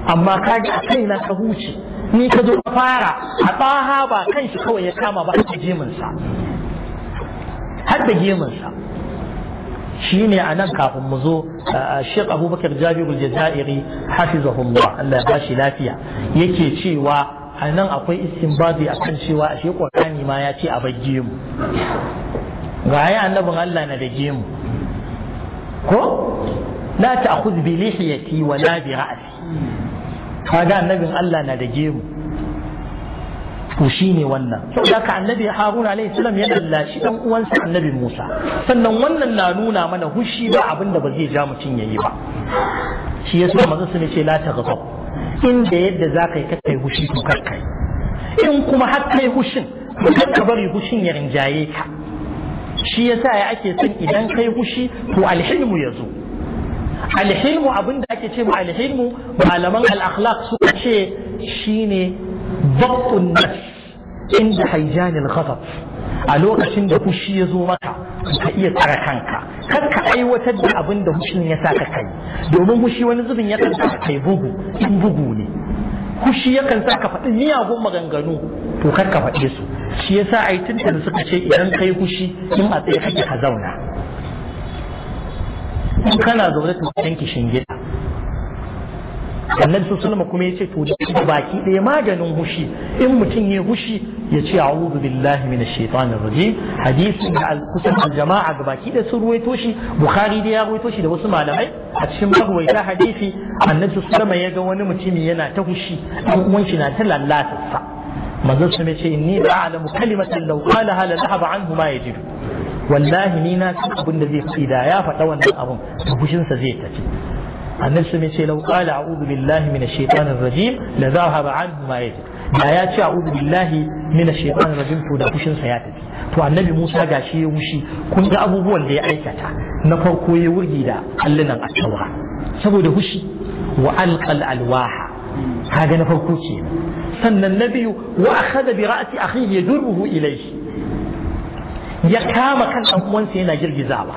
amma ka ga a kaina ka huce ni ka zo ka fara a tsaha ba kan shi kawai ya kama ba a gemunsa har da gemunsa. Shi ne a nan kafin mu zo Sheikh Abubakar Jabiru Jazairi hafizahullah Allah ya bashi lafiya yake cewa a nan akwai istinbadi akan cewa ashe Qur'ani ma ya ce a bagge mu ga ya annabin Allah na da mu ko la ta'khudh bi lihiyati wa la bi ra'si kaga annabin Allah na da gemu to ne wannan saboda annabi harun alaihi salam ya lallashi dan uwansa annabi musa sannan wannan na nuna mana hushi ba abin da ba zai ja mutum yayi ba shi yasa manzo sun ce la ta inda yadda zaka yi kai hushi to kai in kuma har kai hushin ka bari hushin ya rinjaye ka shi sa ya ake son idan kai hushi to alhilmu ya zo alhilmu abin da ake ce ma alhilmu malaman al-akhlaq suka ce shine dabbun nas inda haijanin ghadab a lokacin da hushi ya zo maka ka iya tsara kanka kar ka aiwatar da abin da hushin ya sa ka kai domin hushi wani zubin ya kan saka kai bugu in bugu ne hushi ya kan sa ka faɗi miyagun maganganu to kar ka faɗe su shi yasa yi tuntun suka ce idan kai hushi in a tsaye kake ka zauna in kana zaune to kanki shingida annabi sallallahu kuma yace to baki ɗaya maganin hushi in mutum ya hushi ya ce a'udhu billahi minash shaitanir rajim hadisi da kusan aljama'a ga baki da sun ruwaito shi bukhari da ya ruwaito shi da wasu malamai a cikin magwaita hadisi annabi sallallahu ya ga wani mutumi yana ta hushi dan uwan shi na ta lallata sa manzo sun ce inni la'alamu kalimatan law qalaha la dhahaba anhu ma yajib wallahi ni na san abin da zai fi da ya faɗa wannan abun fushinsa zai tafi annabi sun ce lau qala a'udhu billahi minash shaitanir rajim la zahaba anhu ma da ya ce a'udhu billahi minash shaitanir rajim to da fushin sa ya tafi to annabi Musa gashi ya wushi kun ga abubuwan da ya aikata na farko ya wurgi da allunan attaura saboda hushi wa alqal alwaha kaga na farko ke sannan na biyu wa akhadha bi ra'si akhihi yadurruhu ilayhi ya kama kan dan uwansa yana girgizawa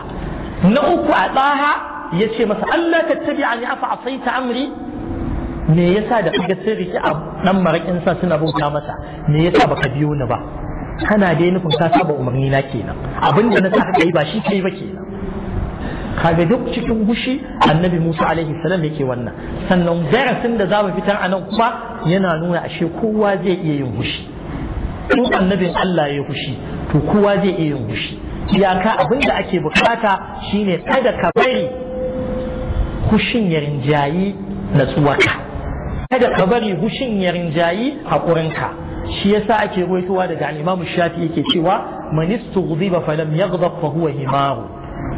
na uku a tsaha ya ce masa Allah ka tabi ani afa asaita amri me yasa da kaga sirri ki a dan marakin sa suna bauta masa me yasa baka biyo ni ba kana dai nufin ka saba umarni na kenan abinda na sa kai ba shi kai ba kenan kaga duk cikin gushi annabi Musa alaihi salam yake wannan sannan darasin da zamu fitar a nan kuma yana nuna ashe kowa zai iya yin gushi in annabin Allah ya gushi to kowa zai iya yin gushi iyaka abinda ake bukata shine kada ka bari hushin ya rinjayi natsuwarka kada ka bari hushin ya rinjayi haƙurinka shi yasa ake ruwaitowa daga al Shafi yake cewa man istughdiba falam yaghdab fa huwa himaru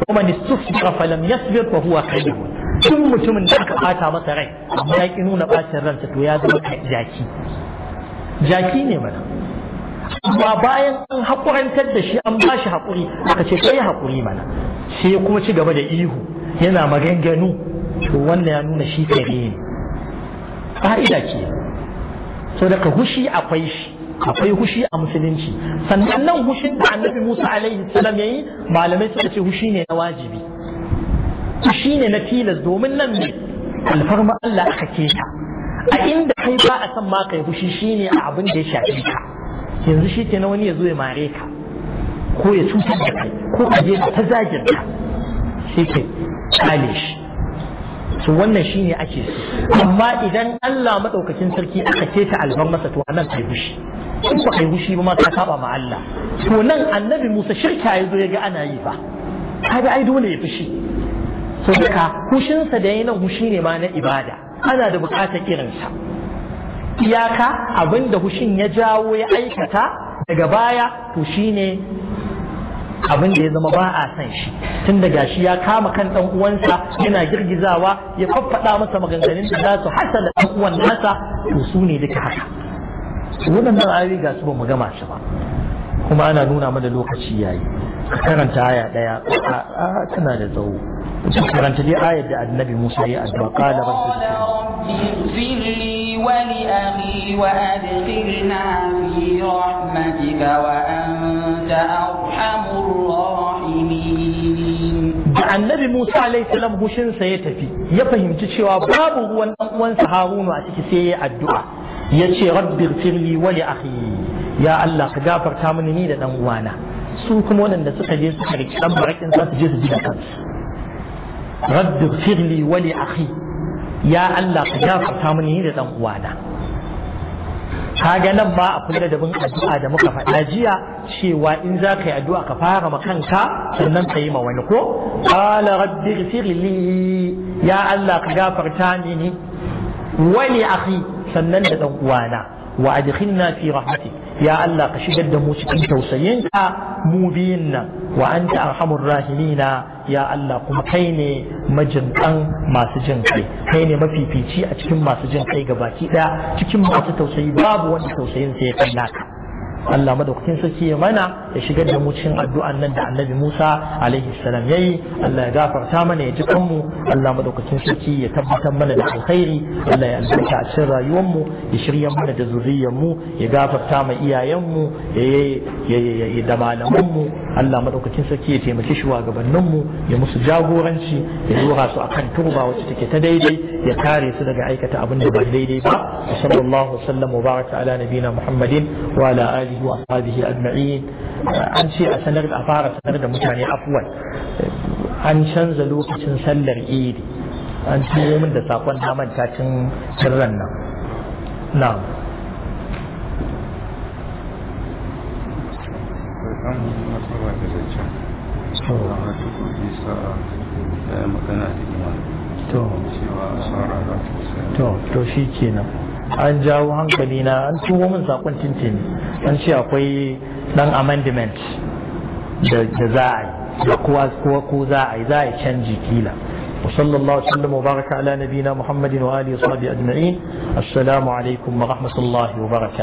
ko man istusbira falam yasbir fa huwa kadhib tun mutumin da aka bata masa rai amma ya ki nuna bacin ransa to ya zama jaki jaki ne mana amma bayan an haƙurantar da shi an bashi haƙuri aka ce kai haƙuri mana sai kuma ci gaba da ihu yana maganganu to wanda ya nuna shi kare ne Fa'ida ce. so daga hushi akwai shi akwai hushi a musulunci sannan nan hushin da annabi Musa alaihi salam yi malamai suka ce hushi ne na wajibi hushi ne na tilas domin nan ne alfarma Allah aka keta a inda kai ba a san ma kai hushi shine a abin da ya shafi ka yanzu shi ke na wani ya zo ya mare ka ko ya cutar da kai ko ka je ta zagin ka shi ke kale To wannan shine ake so amma idan Allah madaukakin sarki aka ta alban masa to anan kai hushi in ba kai hushi ba ma ka saba ma Allah to nan annabi Musa shirka ya zo ya ga ana yi fa kaga ai dole ya fushi so duka hushinsa da yayin nan hushi ne ma na ibada ana da bukatar sa iyaka abinda hushin ya jawo ya aikata daga baya to shine abin da ya zama ba a san shi tun da gashi ya kama kan dan uwansa yana girgizawa ya faffaɗa masa maganganun da za su hasala dan uwan nasa to su ne duka haka waɗannan ayoyi ga su ba mu gama shi ba kuma ana nuna mana lokaci yayi karanta aya daya a tana da tsawo karanta dai ayar da annabi Musa ya addu'a qala rabbi wa li akhi wa adkhilna fi rahmatika wa anta arhamur rahimin da annabi Musa alaihi salam hushin sa ya tafi ya fahimci cewa babu ruwan dan uwansa Haruna a ciki sai ya addu'a ya ce rabbi firli wa li akhi ya Allah ka gafarta mini ni da dan uwana su kuma waɗanda suka je suka rike ɗan barakin za su je su ji da kansu rabbi firli wali akhi ya Allah ka gafarta mini da dan uwana kaga nan ma a kula da bin addu'a da muka faɗa jiya cewa in za ka yi addu'a ka fara ma kanka sannan ka yi ma wani ko qala rabbi ighfirli ya Allah ka gafarta mini wali akhi sannan da dan uwana wa adkhilna fi rahmatik ya Allah ka shigar da mu cikin tausayinka mu biyun nan wa anta arhamur rahimina ya Allah kuma kai ne majinkan masu jin kai kai ne mafifici a cikin masu jin kai gabaki daya cikin masu tausayi babu wanda tausayin sai ya kai naka Allah madaukakin sarki ya mana ya shigar da mu cikin addu'an nan da Annabi Musa alaihi salam yayi Allah ya gafarta mana ya ji kanmu Allah madaukakin sarki ya tabbatar mana da alkhairi Allah ya albarka a cikin rayuwar mu ya shirya mana da zuriyar mu ya gafarta ma iyayen mu ya da malaman mu Allah madaukakin sarki ya taimaki shugabannin mu ya musu jagoranci ya dora su akan turba wacce take ta daidai ya kare su daga aikata abin da ba daidai ba sallallahu alaihi wa sallam wa baraka ala nabiyina muhammadin wa ala alihi alihi wa ashabihi an ce a fara sanar da mutane afwan an canza lokacin sallar iri an tuyo min da sakon na manta tun sirran to to shi kenan an jawo hankali na an tuwo min sakon tintini an ce akwai dan amendment da za a yi da kuwa ko za a yi za a yi canji kila وصلى الله وسلم وبارك على نبينا محمد وآله وصحبه أجمعين السلام عليكم ورحمة الله وبركاته